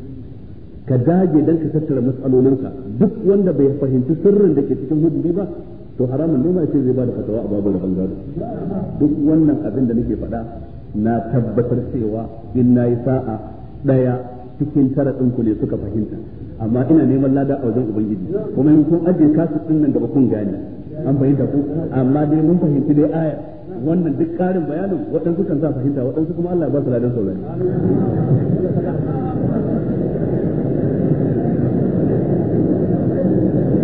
ka dage dan ka tattara matsalolinka duk wanda bai fahimci sirrin da ke cikin hujji ba to haramun ne ma sai zai bada fatawa a babu rabon gado duk wannan abin da nake faɗa na tabbatar cewa in nayi sa'a daya cikin tara ku ne suka fahimta amma ina neman lada a wajen ubangiji kuma in kun ajiye kasu din nan gaba kun gane an fahimta ku amma dai mun fahimci dai aya wannan duk ƙarin bayanin waɗansu kan sa fahimta waɗansu kuma Allah ya ba su ladan saurari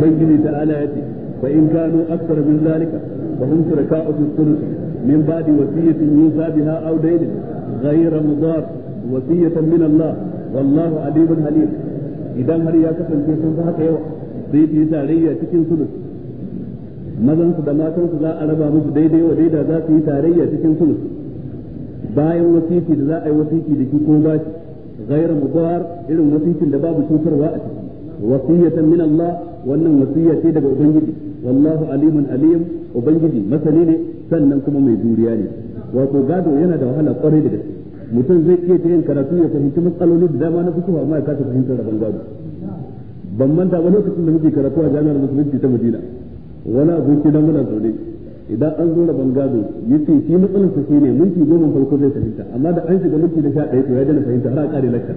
ubangiji ta'ala ya ce fa in kanu akthar min zalika fa hum shuraka'u fi thuluth min ba'di wasiyatin yusa biha aw dayn ghayra mudar wasiyatan min Allah wallahu alimun halim idan har ya kasance sun fi haka yawa sai su yi tarayya cikin sulus mazansu da matansu za a raba musu daidai wa daida za su yi tarayya cikin sulus bayan wasiki da za a yi wasiki da shi ko bashi غير مضار irin wasikin da babu cutarwa a ciki wasiyatan min Allah wannan wasiya ce daga ubangiji wallahu alimun alim ubangiji masani ne sannan kuma mai juriya ne wato gado yana da wahala kwarai da gaske mutum zai iya ta yin karatu ya fahimci matsaloli da dama na fito amma ya kasa fahimtar rabon gado ban manta ba lokacin da muke karatu a jami'ar musulunci ta madina wani abinci na muna zaune idan an zo rabon gado ya ce shi matsalarsa shi ne minti goma farko zai fahimta amma da an shiga minti na sha ɗaya to ya dana fahimta har a ƙare lakka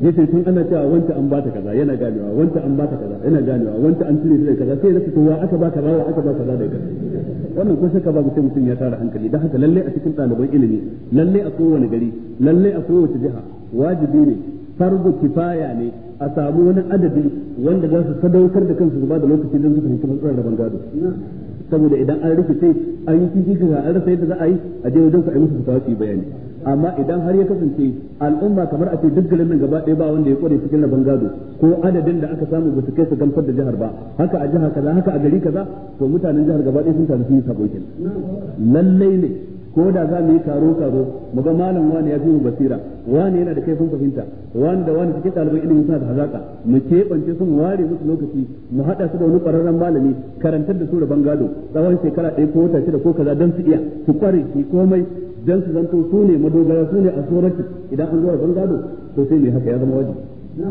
yace tun ana cewa wanta an bata kaza yana ganewa wanta an bata kaza yana ganewa wanta an cire da kaza sai rasa kowa aka ba kaza aka ba kaza da kaza wannan ko shakka babu sai mutum ya tara hankali dan haka lalle a cikin ɗaliban ilimi lalle a kowane gari lalle a kowace jiha wajibi ne fardu kifaya ne a samu wani adadi wanda za su sadaukar da kansu su ba da lokaci don su fahimci matsalar da gado saboda idan an rikice an yi kiki kaza an rasa yadda za a yi a je wajen su a yi musu fitawa su yi bayani amma idan har ya kasance al'umma kamar a ce duk garin nan gaba ɗaya ba wanda ya kware cikin rabon gado ko adadin da aka samu ba su kai su gamsar da jihar ba haka a jihar kaza haka a gari kaza to mutanen jihar gaba ɗaya sun taru sun yi sabo lallai ne ko da za mu yi karo karo mu ga malam wani ya fi mu basira wani yana da kaifin fahimta wani da wani cikin ɗaliban ilimin suna da hazaka mu keɓance sun ware musu lokaci mu haɗa su da wani ƙwararren malami karantar da su da bangado tsawon shekara ɗaya ko wata shida ko kaza don su iya su kware shi komai don su zanto su ne madogara su ne a tsoraki idan an zuwa bangado to sai mai haka ya zama wajibi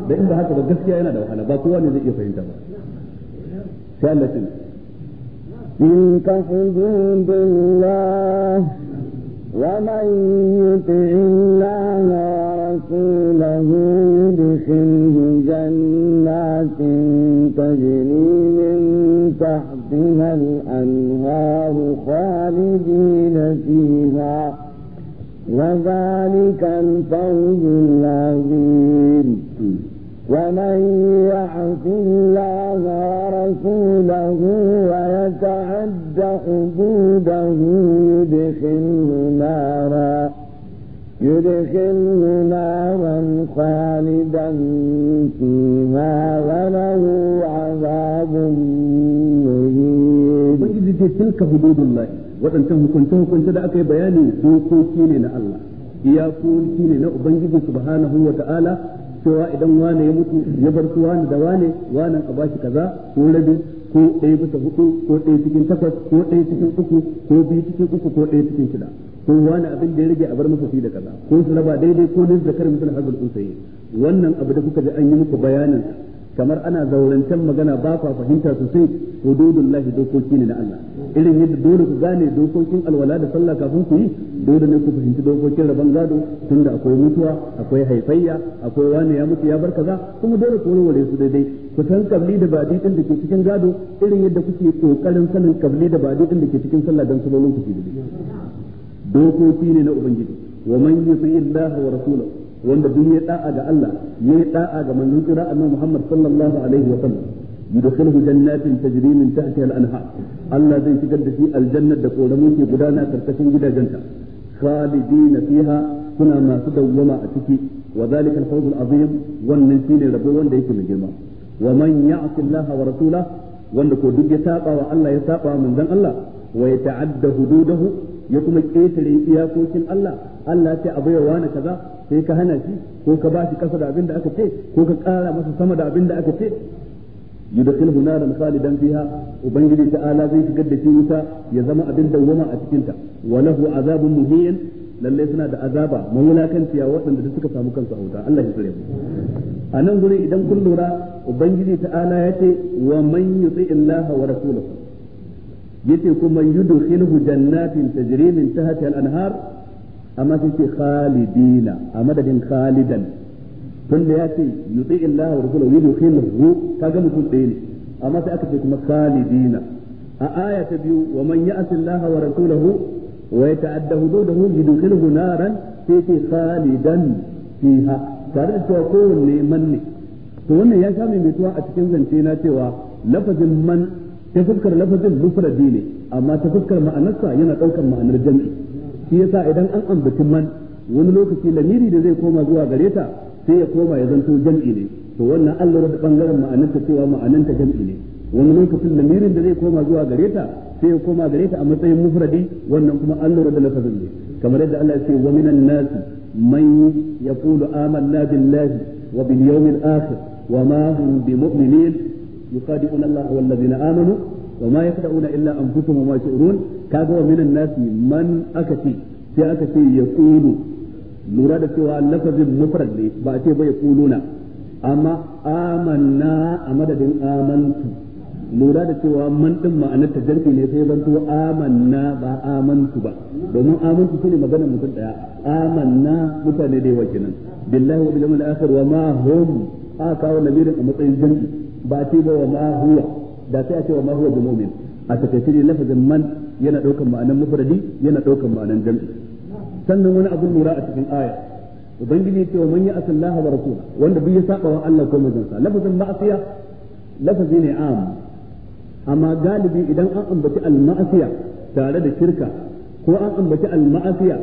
da inda haka ba gaskiya yana da wahala ba kowa ne zai iya fahimta ba sai Allah ce in ka hudun billah wa man yuti illah wa rasulahu yudkhilhu jannatin tajri min tahtiha al-anhar khalidina fiha وذلك الفوز العظيم ومن يعص الله ورسوله ويتعد حدوده يدخله نارا يدخله نارا خالدا فيها وله عذاب مهين تلك حدود الله waɗancan hukunce hukunce da aka yi bayani dokoki ne na Allah iyakoki ne na ubangiji subhanahu wa ta'ala cewa idan wane ya mutu ya bar su wane da wane wanan a bashi kaza ko rabi ko ɗaya bisa hudu ko ɗaya cikin takwas ko ɗaya cikin uku ko biyu cikin uku ko ɗaya cikin shida ko wani abin da ya rage a bar masa fi da kaza ko su raba daidai ko da zakar misal hazul sayi wannan abu da kuka ji an yi muku bayanin kamar ana zaurantan magana ba kwa fahimta sosai hududullahi dokoki ne na Allah irin yadda dole ku gane dokokin alwala da sallah kafin ku yi dole ne ku fahimci dokokin rabon gado tunda akwai mutuwa akwai haifayya akwai wani ya mutu ya bar kaza kuma dole ku warware su daidai ku san kabli da badi din da ke cikin gado irin yadda kuke kokarin sanin kabli da badi din da ke cikin sallah dan sallolin ku daidai dokoki ne na ubangiji wa man yuti illaha wa rasulahu wanda duk ya da'a ga Allah ya da'a ga manzon kira annabi Muhammad sallallahu alaihi wa sallam yudkhiluhu jannatin tajri min tahtiha al anha Allah zai shigar da shi aljannar da koramu ke gudana karkashin gidajenta khalidina fiha kuna masu dawwama a ciki wa zalika al-fawz al-azim wannan shine rabo wanda yake mai girma wa man ya'ti Allah wa rasulahu wanda ko duk ya saba wa Allah ya saba wa manzon Allah wa yata'adda hududahu ya kuma ketare iyakokin Allah Allah ya ce abu ya wani kaza sai ka hana shi ko ka ba shi kasa da abin da aka ce ko ka kara masa sama da abin da aka ce yudkhilhu naran khalidan fiha ubangiji ta'ala zai shigar da shi wuta ya zama abin dawwama a cikin ta wa lahu azabun muhin lalle suna da azaba mawulakanciya waɗanda da suka samu kansu a wuta Allah ya tsare mu a nan gurin idan kun lura ubangiji ta'ala ya ce wa man yuti illaha wa rasulahu yace kuma yudkhilhu jannatin tajri min tahtiha al-anhar amma sai ce khalidina a madadin khalidan tun da ya ce yuti illah wa rasulahu yudkhiluhu kaga mutum ɗaya ne amma sai aka ce kuma khalidina a aya ta biyu wa man ya'ti Allah wa rasulahu wa yata'adda hududahu yudkhiluhu naran sai ce khalidan fiha tare da cewa kowanne man ne to wannan ya mai tuwa a cikin zance na cewa lafazin man ta fuskar lafazin mufradi ne amma ta fuskar ma'anarsa yana ɗaukar ma'anar jami'i shi yasa idan an ambaci man wani lokaci lamiri da zai koma zuwa gare ta sai ya koma ya zanto jam'i ne to wannan an lura da bangaren ma'ananta cewa ma'ananta jam'i ne wani lokacin lamirin da zai koma zuwa gare ta sai ya koma gare ta a matsayin mufradi wannan kuma an lura da lafazin ne kamar yadda Allah ya ce wa minan nasi man yaqulu amanna billahi wa bil yawmil akhir wa ma hum bimu'minin yuqadi'una Allah wal ladina amanu wa ma yakda'una illa anfusuhum wa ma kaga wa minan nasi man aka ce sai aka ce ya kulu lura da cewa lafazin mufrad ne ba a ce ba ya kuluna amma amanna a madadin amantu lura da cewa man din ma'anar ta jarfi ne sai zanto amanna ba amantu ba domin amantu shine maganar mutum daya amanna mutane da yawa kenan billahi wa bil akhir wa ma hum aka kawo lamirin a matsayin jam'i ba ce ba wa ma huwa da sai a ce wa ma huwa bi mu'min a takaice ne lafazin man yana daukan ma'anan mufradi yana daukan ma'anan jam'i sannan wani abun lura a cikin aya ubangiji ya ce wa man ya'si Allah wa rasula wanda bai ya saba wa Allah ko manzansa lafazin ma'asiya lafazi ne am amma galibi idan an ambaci al-ma'asiya tare da shirka ko an ambaci al-ma'asiya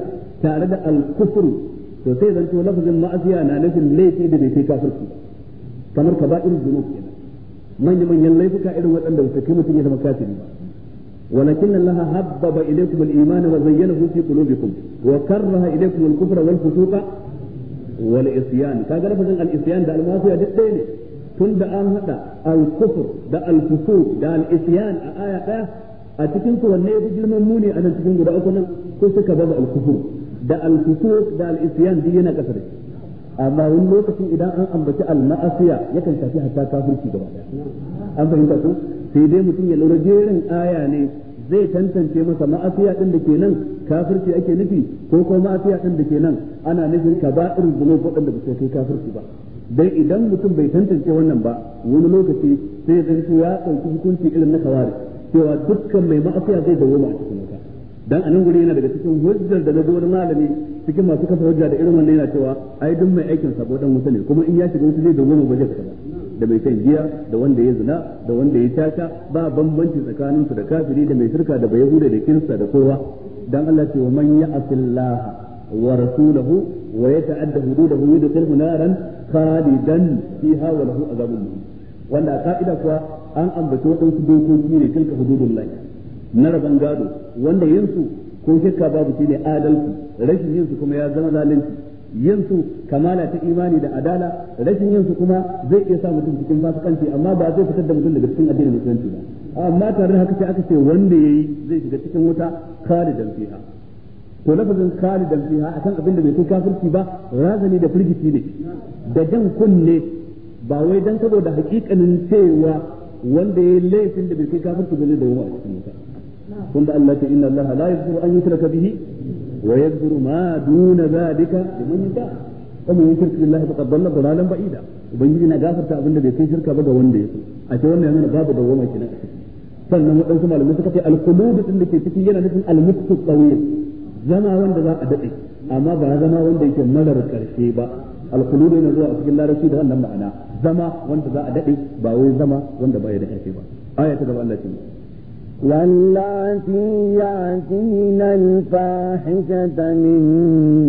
tare da al-kufru to sai zanto lafazin ma'asiya na nufin laifi da bai kai kafirci kamar kaba'ir dunub kenan manya manyan laifuka irin waɗanda ba su kai mutum ya zama kafiri ba ولكن الله حبب إليكم الإيمان وزينه في قلوبكم وكره إليكم الكفر والفسوق والعصيان كذا لفظ العصيان ده الماضي الدين tun da an haɗa al-kufr da al-fusuq da al-isyan a aya ɗaya a cikin su wanne yafi girman muni a nan cikin guda uku nan ko suka baza al-kufr da al-fusuq da al-isyan duk yana kasar amma lokacin idan an ambaci al yakan shafi hatta kafirci gaba an sai dai mutum ya lura jerin aya ne zai tantance masa ma'asiya din da ke nan kafirci ake nufi ko kuma ma'asiya din da ke nan ana nufin irin zunub waɗanda ba su kai kafirci ba dan idan mutum bai tantance wannan ba wani lokaci sai ya zanto ya ɗauki hukunci irin na kawari cewa dukkan mai ma'asiya zai dawoma a cikin wuta dan nan guri yana daga cikin hujjar da na wani malami cikin masu kafa hujja da irin wannan yana cewa ai duk mai aikin sabo dan wuta ne kuma in ya shiga wuta zai dawoma ba zai fita ba da mai shan giya da wanda ya zina da wanda ya tata ba bambanci tsakanin su da kafiri da mai shirka da bayahuda da kirsa da kowa dan Allah ce wa man ya'sillaha wa rasulahu wa yata'adda hududahu yudkhilhu naran khalidan fiha wa lahu azabun muhin wanda a ka'ida kuwa an ambaci waɗansu dokoki ne tilka hududullahi na rabon gado wanda yin su ko shirka babu shine adalci rashin yin su kuma ya zama zalunci yin su kamala ta imani da adala rashin yin su kuma zai iya sa mutum cikin fasikanci amma ba zai fitar da mutum daga cikin addinin musulunci ba amma tare haka sai aka ce wanda ya yi zai shiga cikin wuta khalidan fiha to lafazin khalidan fiha akan abin da bai kai kafirci ba razani da firgici ne da jan kunne ba wai dan saboda hakikanin cewa wanda yayi laifin da bai kai kafirci ba zai dawo a cikin wuta kun da Allah ta inna Allah la yaghfiru an yushraka bihi ويذكر ما دون ذلك لمن يشاء ومن يشرك بالله فقد ضل ضلالا بعيدا ubangiji na gafarta abinda bai kai shirka ba ga wanda ya so a ce wannan yana babu dawwama kenan a ciki sannan waɗansu malamai suka ce alqulub din da ke ciki yana nufin almuktu tawil zama wanda za daɗe dade amma ba zama wanda yake marar karshe ba alqulub yana zuwa a cikin larabci da wannan ma'ana zama wanda za daɗe ba wai zama wanda ba ya da karshe ba aya ta gaba Allah واللاتي يأتين الفاحشة من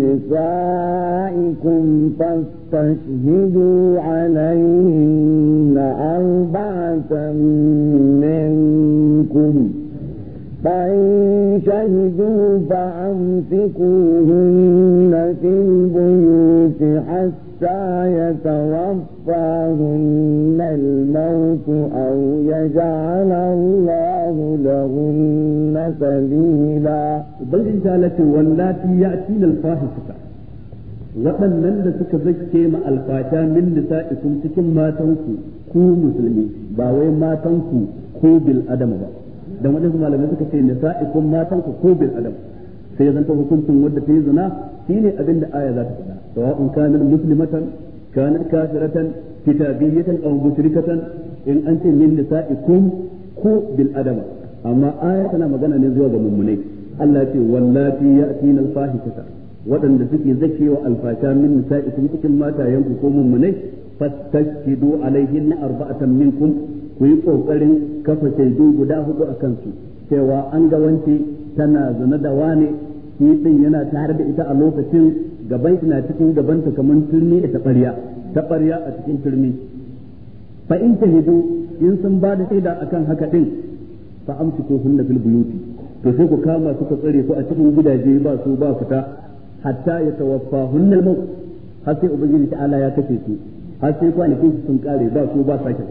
نسائكم فاستشهدوا عليهن أربعة منكم فإن شهدوا فأمسكوهن في البيوت حتى يتوفاهن الموت أو يجعل الله sabila ubangiji ta waɗannan da suka zake ma alfata min nisa'ikum cikin matanku ku musulmi ba wai matanku ko bil adama ba da waɗansu malamai suka ce nisa'ikum matanku ko bil adama sai zan ta hukuncin wadda ta yi zina shine abin da aya za ta faɗa sawa'un kanar muslimatan kanar kafiratan kitabiyatan aw in an ce min nisa'ikum ko bil adama amma aya tana magana ne zuwa ga mummunai Allah ce wallati ya al-fahishata waɗanda suke zakewa alfasha min nisa'ikum cikin mata yanku ko mummunai fastashidu alaihin arba'atan minkum ku yi kokarin kafa shaidu guda hudu a kansu cewa an ga wance tana zana da wane shi din yana tare da ita a lokacin gaban na cikin gabanta kamar turmi da taɓarya taɓarya a cikin turmi fa in tahidu in sun ba da akan haka din fa amsiku hunna fil buyuti to sai ku kama su ka tsare ku a cikin gidaje ba su ba fita hatta ya tawaffa hunnal maut har sai ubangiji ta'ala ya kace su har sai kwanakin su sun kare ba su ba sake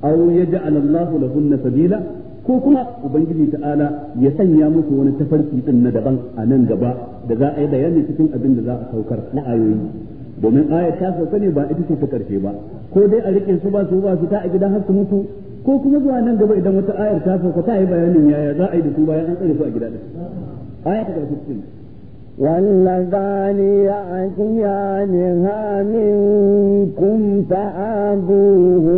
aw yaj'al Allahu lahunna sabila ko kuma ubangiji ta'ala ya sanya musu wani tafarki din na daban a nan gaba da za a yi bayani cikin abin da za a saukar na ayoyi domin ayat ta sauka ne ba ita ce ta karshe ba ko dai a rike su ba su ba su ta a gidan har su mutu ko kuma zuwa nan gaba idan wata ayar ta fuka ta yi bayanin yaya za a yi da su bayan an tsare su a gida da aya ta karfi cikin wallazani ya ajiya ne hamin kun ta abubu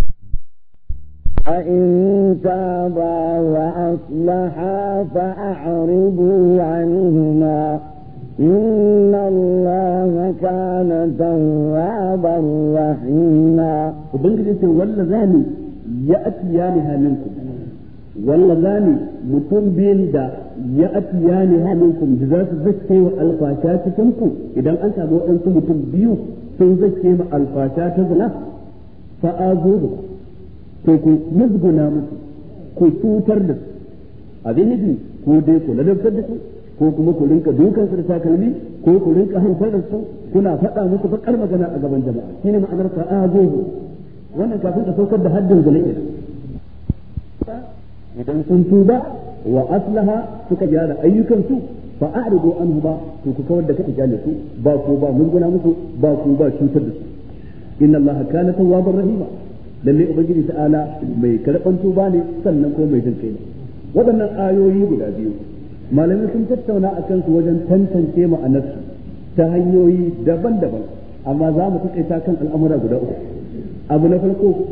a in ta ba wa aslaha fa a haribu wa إن الله كان توابا رحيما وبنك جيسي ولا ذاني ya ni ya'tiyaniha minkum wallazani mutum biyun da ya ya'tiyaniha minkum da za su zakke wa alfasha cikin ku idan an samu waɗansu mutum biyu sun zakke ma alfasha ta zina fa azuhu to ku musguna musu ku cutar da su abin nufi ko dai ku ladabtar da su ko kuma ku rinka dukan su da takalmi ko ku rinka hantar da su kuna faɗa musu bakar magana a gaban jama'a shine ma'anar fa azuhu wannan kafin a saukar da haddin zina idan sun tuba wa aslaha suka gyara ayyukansu fa a'ridu anhu ba to ku kawar da kake jale su ba ko ba munguna musu ba ko ba cutar da su inna allaha kana tawwabar rahima lalle ubangiji ta'ala mai karban tuba ne sannan ko mai jin kai ne waɗannan ayoyi guda biyu malamai sun tattauna a kansu wajen tantance ma'anarsu ta hanyoyi daban-daban amma za mu taƙaita kan al'amura guda uku abu na farko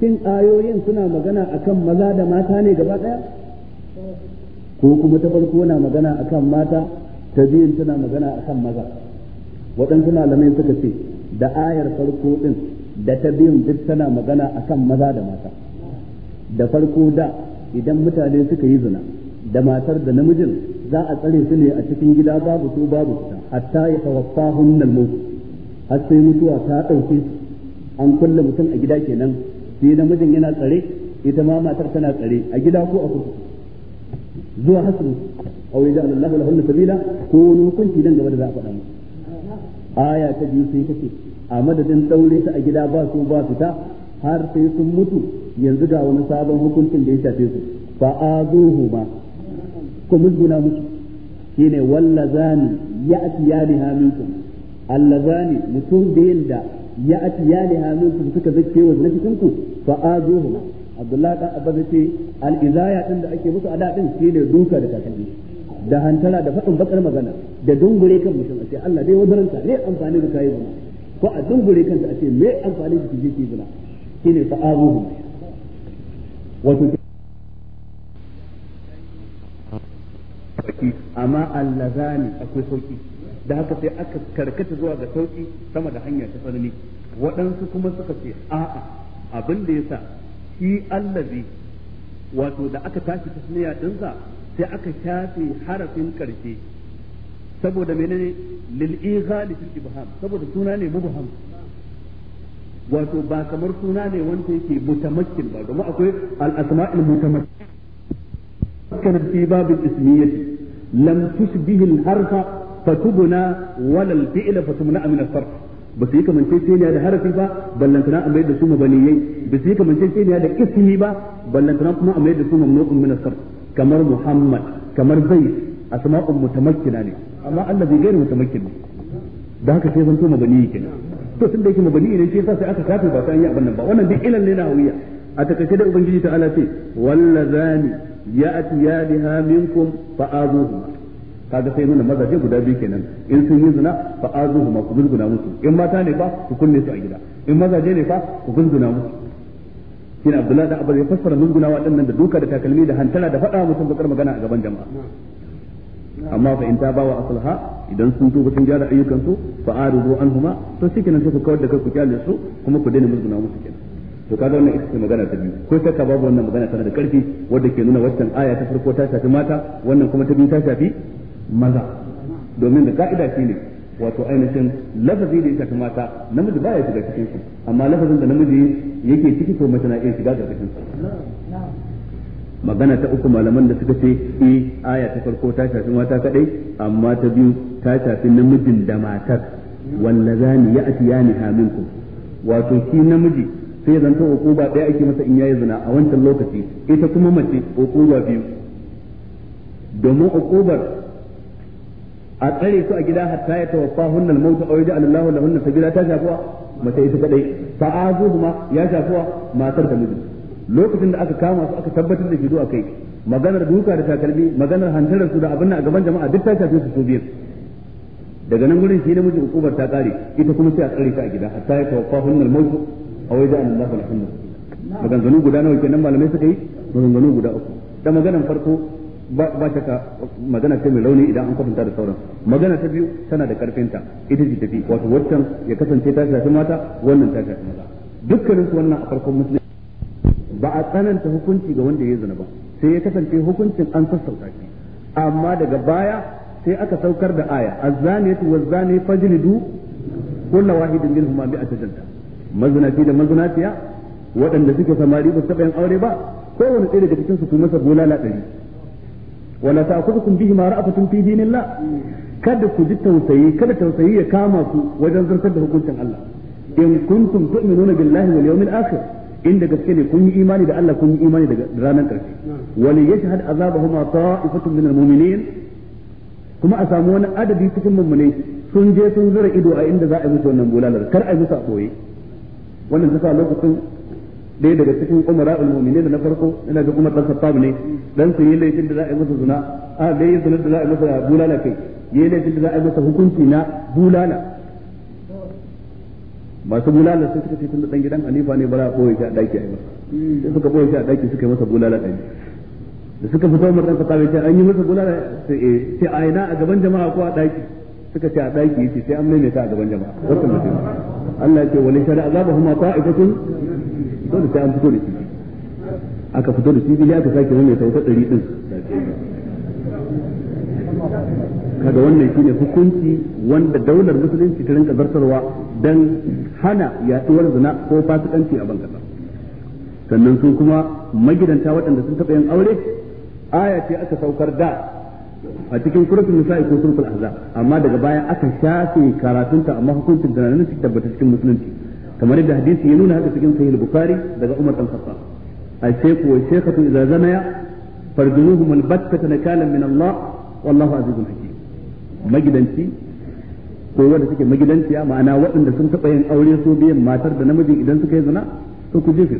shin ayoyin suna magana akan maza da mata ne gaba ɗaya, ko kuma ta farko na magana akan mata ta biyun tana magana akan maza waɗansu malamai suka ce da ayar farko ɗin da ta biyun duk tana magana akan maza da mata da farko da idan mutane suka yi zina da matar da namijin za a tsare su ne a cikin gida babu su babu fita hatta ya tawaffahun nan mutu har sai mutuwa ta ɗauke su an kulle mutum a gida kenan sai namijin yana tsare ita ma matar tana tsare a gida ko a kurkuku zuwa hasru wajen Allah Allahu lahu sabila ko wani hukunci dan game da za a faɗa musu aya ta biyu sai take a madadin daure ta a gida ba su ba ta har sai sun mutu yanzu ga wani sabon hukuncin da ya shafe su fa azuhu ma ko musguna musu shine wallazani ya'tiyani ha minkum allazani mutum da ya ya atiyaniha su suka zakke wa cikin ku fa azuhuma abdullahi dan abba ce al-izaya din da ake musu ada din shine duka da takalmi da hantara da faɗin bakar magana da dungure kan mutum a ce Allah dai wadaranta ne amfani da kayi bana ko a dungure kan a ce me amfani da kije ki bana shine fa azuhuma wato amma allazani akwai sauki da haka sai aka karkata zuwa ga sauki sama da hanya ta tsanani waɗansu kuma suka ce a'a abin da sa shi allazi wato da aka tashi tasniya dinsa sai aka shafe harafin karshe saboda menene lil ighali fil ibham saboda suna ne mubham wato ba kamar suna ne wanda yake mutamakkin ba domin akwai al asma'il mutamakkin kan fi babul ismiyyah lam tushbihi al harfa fatubuna walal fi'la fatumna min as-sarf ba su yi kamance ceniya da harafi ba ballantana a mai da su mabaniyai ba su yi kamance ceniya da ismi ba ballantana kuma a mai da su mamnu'un min as-sarf kamar muhammad kamar zaid asma'un mutamakkina ne amma Allah bai gairi mutamakkin da haka sai zanto mabani kenan to tun da yake mabani ne sai sai aka kafe ba sai an yi abin nan ba wannan duk ilan ne na hawiya a takaice da ubangiji ta ala ce wallazani ya'tiyaniha minkum fa'azuhuma kaga sai nuna mazaje guda biyu kenan in sun yi zina fa ma ku zulguna musu in mata ne fa ku kunne su a gida in mazaje ne fa ku zulguna musu shi Abdullahi da Abu ya fassara zulguna dannan da duka da takalmi da hantala da fada mutum bakar magana a gaban jama'a amma fa in ta bawa asalha idan sun tuba sun gyara ayyukan su fa aridu anhuma to shikenan sai ku kawar da kai ku kyale su kuma ku daina mulguna musu kenan to kaga wannan ita ce magana ta biyu ko ka babu wannan magana tana da karfi wadda ke nuna waccan aya ta farko ta shafi mata wannan kuma ta biyu ta shafi maza domin da ka'ida shi ne wato ainihin lafazi da ya shafi mata namiji baya shiga cikin su amma lafazin da namiji yake ciki ko mace na iya shiga cikin su magana ta uku malaman da suka ce e aya ta farko ta shafi mata kadai amma ta biyu ta shafi namijin da matar wanda za ni ya wallazani ya'tiyaniha ku wato shi namiji sai zanto ukuba ɗaya ake masa in yayi zina a wancan lokaci ita kuma mace ukuba biyu domin ukubar a tsare su a gida hatta ya tawaffa hunnal mautu aw yaj'al Allahu lahunna sabila ta shafuwa mace ita kadai fa azuhuma ya shafuwa matar da miji lokacin da aka kama su aka tabbatar da shi a kai maganar duka da takalmi maganar hantarar su da abin a gaban jama'a duk ta shafe su su biyar. daga nan gurin shi namiji ukubar ta kare ita kuma sai a tsare ta a gida hatta ya tawaffa hunnal mautu aw yaj'al Allahu lahunna maganganu guda nawa kenan malamai suka yi maganganu guda uku da maganar farko ba shakka magana ce mai rauni idan an kwatanta da sauran magana ta biyu tana da karfinta ita ce tafi wato waccan ya kasance ta shafi mata wannan ta shafi maza dukkanin su wannan a farkon musulmi ba a tsananta hukunci ga wanda ya zina ba sai ya kasance hukuncin an sassauta shi amma daga baya sai aka saukar da aya az-zaniyatu waz fajlidu kullu wahidin minhuma bi'ata jalda mazinaci da mazinaciya waɗanda suke samari ba su taɓa yin aure ba kowane ɗaya daga cikin su kuma masa bulala ɗari wala ta'khudhukum bihima ra'fatun fi dinillah kada ku ji tausayi kada tausayi ya kama ku wajen zartar da hukuncin Allah in kuntum tu'minuna billahi wal yawmil akhir inda gaske ne kun yi imani da Allah kun yi imani da ranar karshe wal yashhad azabahuma ta'ifatun minal mu'minin kuma a samu wani adadi cikin mummune sun je sun zura ido a inda za a yi musu wannan bulalar kar a yi musu a ɓoye wannan ta sa lokacin ɗaya daga cikin umara al-mu'minin da na farko ina ga umar dan khattab ne dan sai yayin laifin da za a yi masa zina a da yayin zina da za a yi masa bulala kai yayin laifin da za a yi masa hukunci na bulala masu bulala suka ce tun da dan gidan alifa ne bara boye shi a daki a yi masa suka boye shi a daki suka yi masa bulala ɗari da suka fito umar dan khattab ya ce an yi masa bulala sai sai eh, a a gaban jama'a ko a daki suka ce a daki yace sai an maimaita a gaban jama'a wasu mutum Allah ya ce wani shari'a azabahuma ta'ifatun dole sai fito da shi aka fito da shi aka sake zama ta wata ɗari ɗin kaga wannan shine hukunci wanda daular musulunci ta rinka zartarwa dan hana yaɗuwar zina ko fasikanci a bankasa sannan su kuma magidanta waɗanda sun taɓa yin aure aya ce aka saukar da a cikin suratul nisa'i ko suratul ahzab amma daga baya aka shafe karatunta amma hukuncin da nan cikin tabbata cikin musulunci kamar yadda hadisi ya nuna haka cikin sahih bukhari daga umar dan khattab al-shaykh wa shaykhatu idza zanaya farjuhum al-battata nakalan min Allah wallahu azizun hakim magidanci ko wanda suke magidanciya ma'ana waɗanda sun taɓa yin aure su biyan matar da namijin idan suka yi zina to ku jefe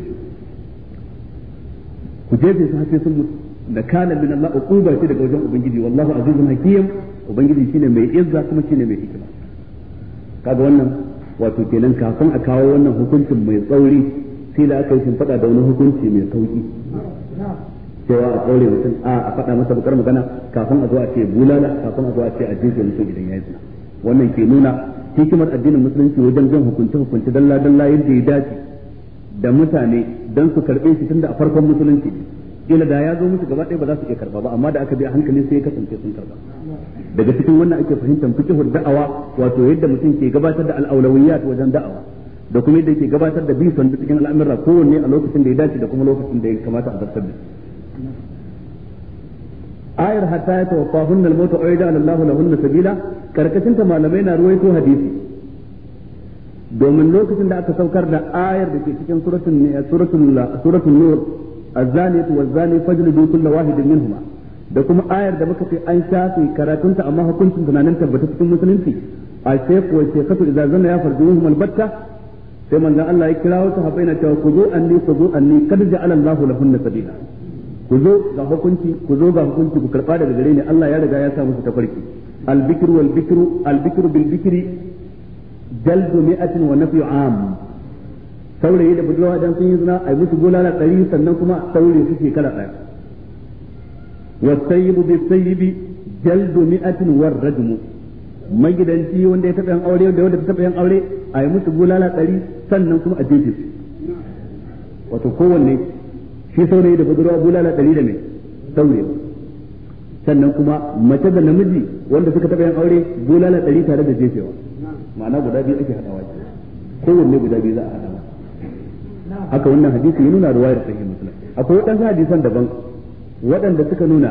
su ku jefe su har sun mutu da kana min Allah uquba ce daga wajen ubangiji wallahu azizun hakim ubangiji shine mai izza kuma shine mai hikima kaga wannan wato kenan kafin a kawo wannan hukuncin mai tsauri sai da aka yi sun faɗa da wani hukunci mai sauki cewa a tsaure mutum a a faɗa masa bakar magana kafin a zo a ce bulala kafin a zo a ce a jefe mutum idan ya yi zina wannan ke nuna hikimar addinin musulunci wajen jan hukunce hukunce dalla dalla yadda ya dace da mutane don su karɓe shi tun a farkon musulunci kila da ya zo musu gaba ɗaya ba za su iya karba ba amma da aka bi a hankali sai ya kasance sun karba daga cikin wannan ake fahimtar fiqhul da'awa wato yadda mutum ke gabatar da al'aulawiyat wajen da'awa da kuma yadda ke gabatar da bisan cikin al'amura kowanne a lokacin da ya dace da kuma lokacin da ya kamata a zartar da ayar hatta ya tawaffa hunnal mautu aida Allahu lahunna sabila karkashin ta malamai na ruwaito hadisi domin lokacin da aka saukar da ayar da ke cikin suratul suratul suratul nur az-zaniyatu waz-zani fajlidu kullu minhuma da kuma ayar da muka ce an shafe karatunta amma hukuncin tunanin tabbata cikin musulunci a sheku wa shekatu idza zanna ya farjuhum albatta sai manzon Allah ya kira wasu habai na cewa ku zo anni ku zo anni kad ja'ala Allahu lahun sabila ku zo ga hukunci ku zo ga hukunci ku karba daga gare ni Allah ya riga ya sa musu tafarki al-bikru wal bikru al-bikru bil bikri jaldu mi'atin wa nafyu am saurayi da budurwa dan sun yi zina a musu bulala ɗari sannan kuma saurayi su shekara ɗaya wasayyibu bi sayyibi jaldu mi'atin war rajmu magidanci wanda ya taɓa yan aure da wanda ya taɓa yan aure a yi musu bulala ɗari sannan kuma a jefe su wato kowanne shi saurayi da budurwa bulala ɗari da mai saurayi sannan kuma mace da namiji wanda suka taɓa yan aure bulala ɗari tare da jefewa ma'ana guda biyu ake haɗawa kowanne guda biyu za a haɗawa haka wannan hadisi ya nuna ruwayar sahih muslim akwai wadansu hadisan daban waɗanda suka nuna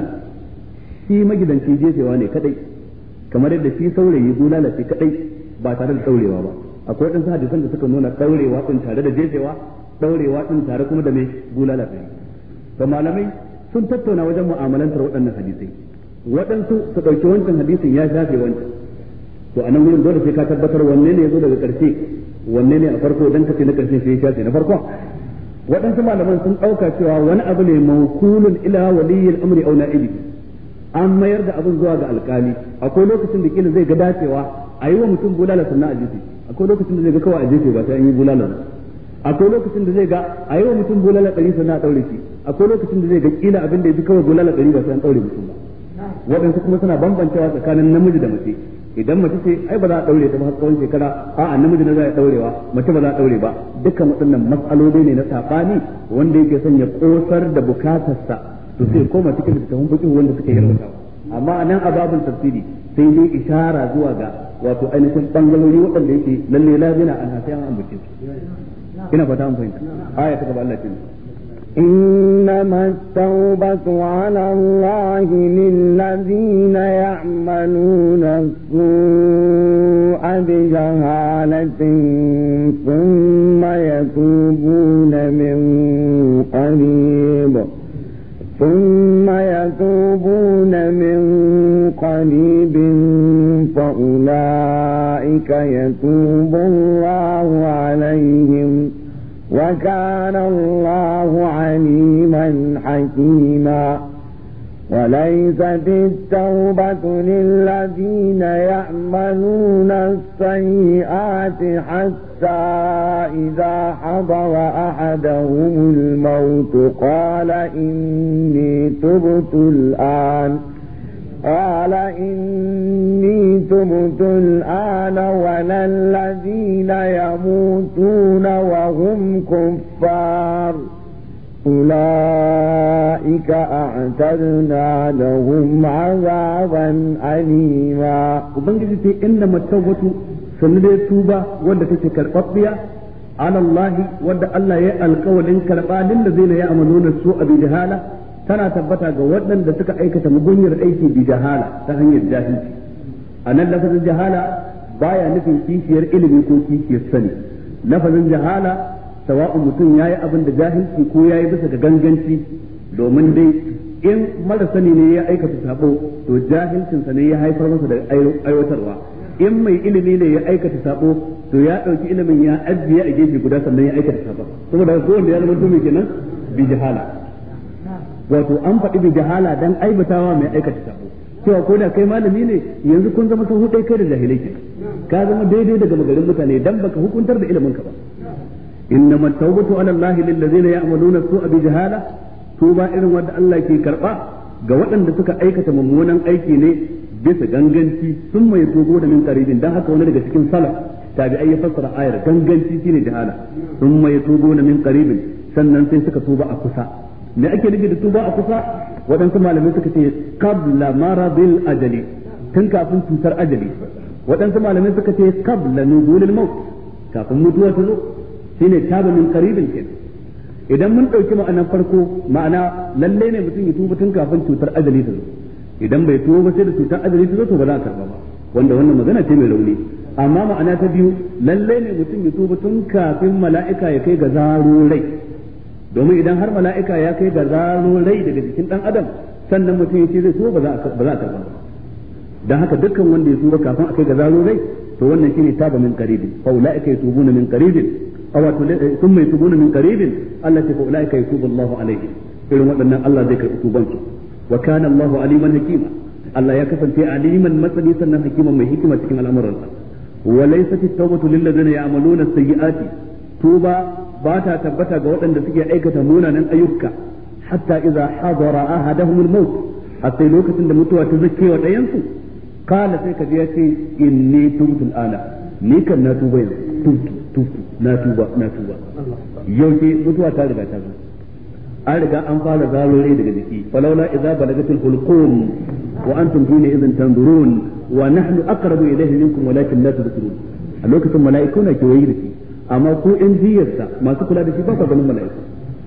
shi magidanci jefewa ne kadai kamar yadda shi saurayi bulala shi kadai ba tare da saurewa ba akwai waɗansu hadisan da suka nuna saurewa din tare da jefewa saurewa din tare kuma da mai bulala kai to malamai sun tattauna wajen mu'amalantar waɗannan hadisai waɗansu su ɗauki wancan hadisin ya shafe wancan to a nan wurin dole sai ka tabbatar wanne ne ya zo daga ƙarshe wanne ne a farko dan kace na karshe sai ya shafe na farko waɗansu malaman sun ɗauka cewa wani abu ne mawkulun ila waliyil amri aw na'ibi an mayar da abin zuwa ga alkali akwai lokacin da kila zai ga dacewa a yi wa mutum bulala sannan a jefe akwai lokacin da zai ga kawai a jefe ba sai an yi bulala akwai lokacin da zai ga a yi wa mutum bulala ɗari sannan a ɗaure shi akwai lokacin da zai ga kila abin da ya kawai bulala ɗari ba sai an ɗaure mutum ba waɗansu kuma suna bambancewa tsakanin namiji da mace idan mace ce ai ba za a daure ta ba tsawon shekara a namiji ne za a daurewa mace ba za a daure ba dukkan waɗannan matsaloli ne na sabani wanda yake son ya kosar da bukatarsa to sai koma cikin littafin fiqh wanda suke yarwata amma anan a babin tafsiri sai dai ishara zuwa ga wato ainihin bangalori waɗanda yake lalle lazina an hasiyan an su ina fata an fahimta aya ta gaba Allah ce إنما التوبة على الله للذين يعملون السوء بجهالة ثم يتوبون من قريب ثم يتوبون من قريب فأولئك يتوب الله عليهم وكان الله عليما حكيما وليست التوبة للذين يعملون السيئات حتى إذا حضر أحدهم الموت قال إني تبت الآن قال إني تبت الآن ولا الذين يموتون وهم كفار أولئك أعتدنا لهم عذابا أليما وبنجد إنما التوبة سنده توبة ودى تتكرفبيا على الله ودى الله يألقى ولن كرفا للذين يأمنون السوء بجهاله tana tabbata ga waɗanda suka aikata mugunyar aiki bi jahala ta hanyar jahilci a nan lafazin jahala baya nufin kishiyar ilimi ko kishiyar sani lafazin jahala sawa'un mutum yayi abin da jahilci ko yayi bisa ga ganganci domin dai in mara sani ne ya aikata sabo to jahilcinsa ne ya haifar masa da aiwatarwa in mai ilimi ne ya aikata sabo to ya ɗauki ilimin ya ajiye a gefe guda sannan ya aikata sabo saboda kowanne ya zama tumi kenan bi jahala wato an faɗi bi jahala dan aibatawa mai aikata sabo cewa ko da kai malami ne yanzu kun zama sun hudai kai da jahilai kenan ka zama daidai daga magarin mutane dan baka hukuntar da ilimin ka ba innama tawbatu ala allahi lil ladina ya'maluna su'a bi jahala tuba irin wanda Allah ke karba ga waɗanda suka aikata mummunan aiki ne bisa ganganci sun mai togo da min karibin dan haka wani daga cikin salaf tabi ayi fassara ayar ganganci shine jahala sun mai togo da min karibin sannan sai suka tuba a kusa me ake nufi da ba a kusa waɗansu malamai suka ce qabla maradil ajali tun kafin cutar ajali waɗansu malamai suka ce kabla nuzulil maut kafin mutuwa ta zo shine taba min qaribin kenan idan mun ɗauki ma'anar farko ma'ana lalle ne mutum ya tuba tun kafin cutar ajali ta zo idan bai tuba ba sai da cutar ajali ta zo to ba za a karba ba wanda wannan magana ce mai rauni amma ma'ana ta biyu lalle ne mutum ya tuba tun kafin mala'ika ya kai ga zaro rai domin idan har mala'ika ya kai ga zaro rai daga jikin dan adam sannan mutum yace zai so ba za a ba za a karba dan haka dukkan wanda ya sura kafin a kai ga zaro rai to wannan shine taba min qaribin fa ula'ika yatubuna min qaribin aw wa eh, thumma yatubuna min qaribin allati fa ula'ika yatubu Allahu alaihim irin waɗannan Allah zai karɓi tubansu wa kana Allahu aliman hakima Allah ya kasance aliman masani sannan hakiman mai hikima cikin al'amuransa wa laysat at-tawbatu lil ladzina ya'maluna as-sayyi'ati tuba ba ta tabbata ga waɗanda suke aikata munanan ayyuka hatta idza hadara ahadahum al-maut hatta lokacin da mutuwa ta zake wa ɗayan su kala sai ka ya ce inni tubtu al-ana ni kan na tuba yanzu tubtu tubtu na tuba na tuba yau ke mutuwa ta riga ta zo an riga an fara zarore daga jiki falawla idza balagatil hulqum wa antum duna idan tanzurun wa nahnu aqrabu ilayhi minkum walakin la tadkurun a lokacin mala'iku na kewaye da shi amma ko in jiyarsa masu kula da shi ba ka ganin mala'iku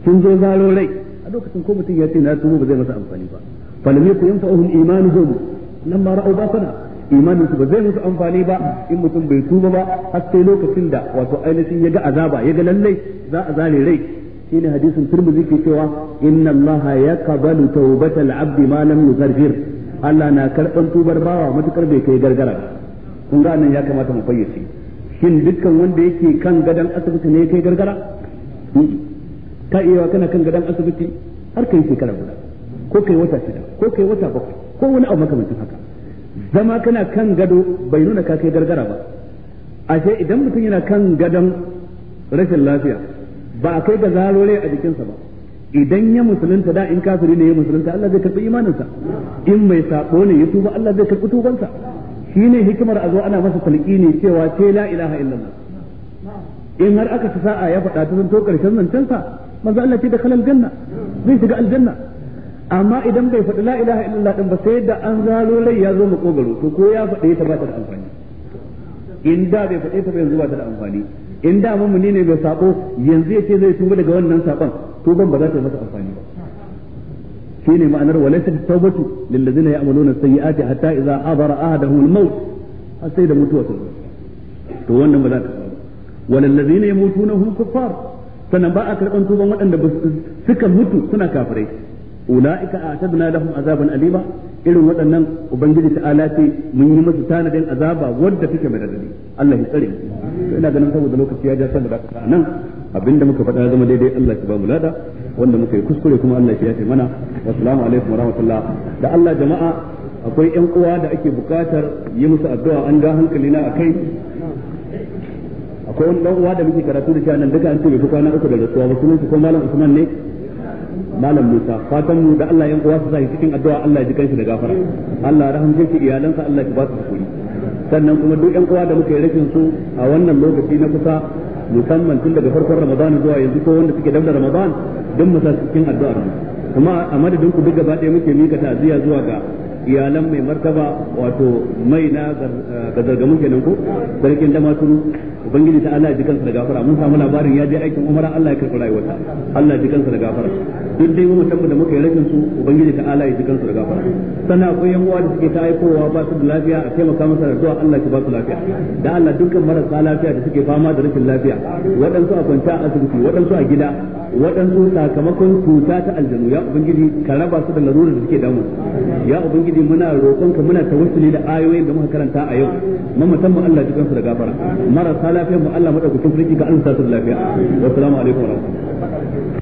sun zo zaro rai a lokacin ko mutum ya ce na tumo ba zai masa amfani ba falam yaku yanfa'uhum imanuhum lamma ra'u basana imanin su ba zai musu amfani ba in mutum bai tuba ba har sai lokacin da wato ainihin ya ga azaba ya ga lallai za a zare rai shine hadisin turmuzi ke cewa inna allaha yaqbalu tawbatal abdi ma lam yughargir Allah na karban tubar bawa matukar bai kai gargara kun ga nan ya kamata mu fayyace shin dukkan wanda yake kan gadon asibiti ne kai gargara ka hmm. iya kana kan gadon asibiti har kai shekara guda ko kai wata shida ko kai wata bakwai ko wani abu makamancin haka zama kana kan gado bai nuna ka kai gargara ba ashe idan mutum yana kan gadon rashin lafiya ba a kai ga zarore a jikinsa ba idan ya musulunta da in kafiri ne ya musulunta Allah zai karbi imaninsa in mai sabo ne ya tuba Allah zai karbi tubansa shine hikimar a zo ana masa ne cewa ce la ilaha illallah in har aka ci sa'a ya faɗa ta to karshen nan sa manzo Allah ce da kalal janna zai shiga aljanna amma idan bai faɗi la ilaha illallah din ba sai da an zalo rai ya zo makogaro to ko ya faɗe ta ba ta da amfani in da bai faɗe ta ba yanzu ba ta da amfani in da mamuni ne bai sako yanzu ya ce zai tuba daga wannan sakon to ban ba za ta yi masa amfani ba shine ma'anar walaysa tawbatu lil ladzina ya'maluna sayyi'ati hatta idza hadara ahaduhum al-maut har sai da mutuwa ta to wannan ba za ta wal ladzina yamutuna hum kuffar sanan ba a karban tuban waɗanda suka mutu suna kafirai ulaika a'tadna lahum azaban alima irin waɗannan ubangiji ta alafi mun yi musu tanadin azaba wanda take mai radadi Allah ya tsare mu ina ganin saboda lokaci ya ja san da nan abinda muka faɗa zama daidai Allah ya ba mu lada wanda muka yi kuskure kuma Allah ya yafe mana assalamu alaikum warahmatullah da Allah jama'a akwai yan uwa da ake buƙatar yi musu addu'a an ga hankali na akai akwai wani dan uwa da muke karatu da shi nan duka an ce bai kwana uku da rasuwa ba sunan shi ko malam Usman ne malam Musa fatan mu da Allah yan uwa su sai cikin addu'a Allah ya ji kanshi da gafara Allah ya rahamce shi iyalansa Allah ya ba su hakuri sannan kuma duk yan uwa da muka yi rashin su a wannan lokaci na kusa musamman tun daga farkon ramadan zuwa yanzu ko wanda suke dabda ramadan don mu cikin addu'ar kuma a madadin ku duk gaba ɗaya muke mika ta'aziyya zuwa ga iyalan mai martaba wato mai na gazargamu eh, kenan ko sarkin da turu ubangiji ta Allah ya ji kansa da gafara mun samu labarin ya je aikin umara Allah ya karɓi rayuwarsa Allah ya ji kansa da gafara duk dai mun tabbata muka yi rashin su ubangiji ta Allah ya ji kansa da gafara sana akwai yan uwa da suke ta aikowa ba su da lafiya a taimaka masa da zuwa Allah ya ba su lafiya da Allah dukkan marasa lafiya da suke fama da rashin lafiya waɗansu a kwanta a asibiti waɗansu a gida waɗansu sakamakon cuta ta aljanu ya ubangiji ka raba su da larurar da suke damu ya ubangiji ubangiji muna roƙonka muna tawassuli da ayoyin da muka karanta a yau mu musamman Allah cikin su da gafara marasa lafiyar mu Allah madaukakin sarki ga Allah da lafiya wassalamu alaikum warahmatullahi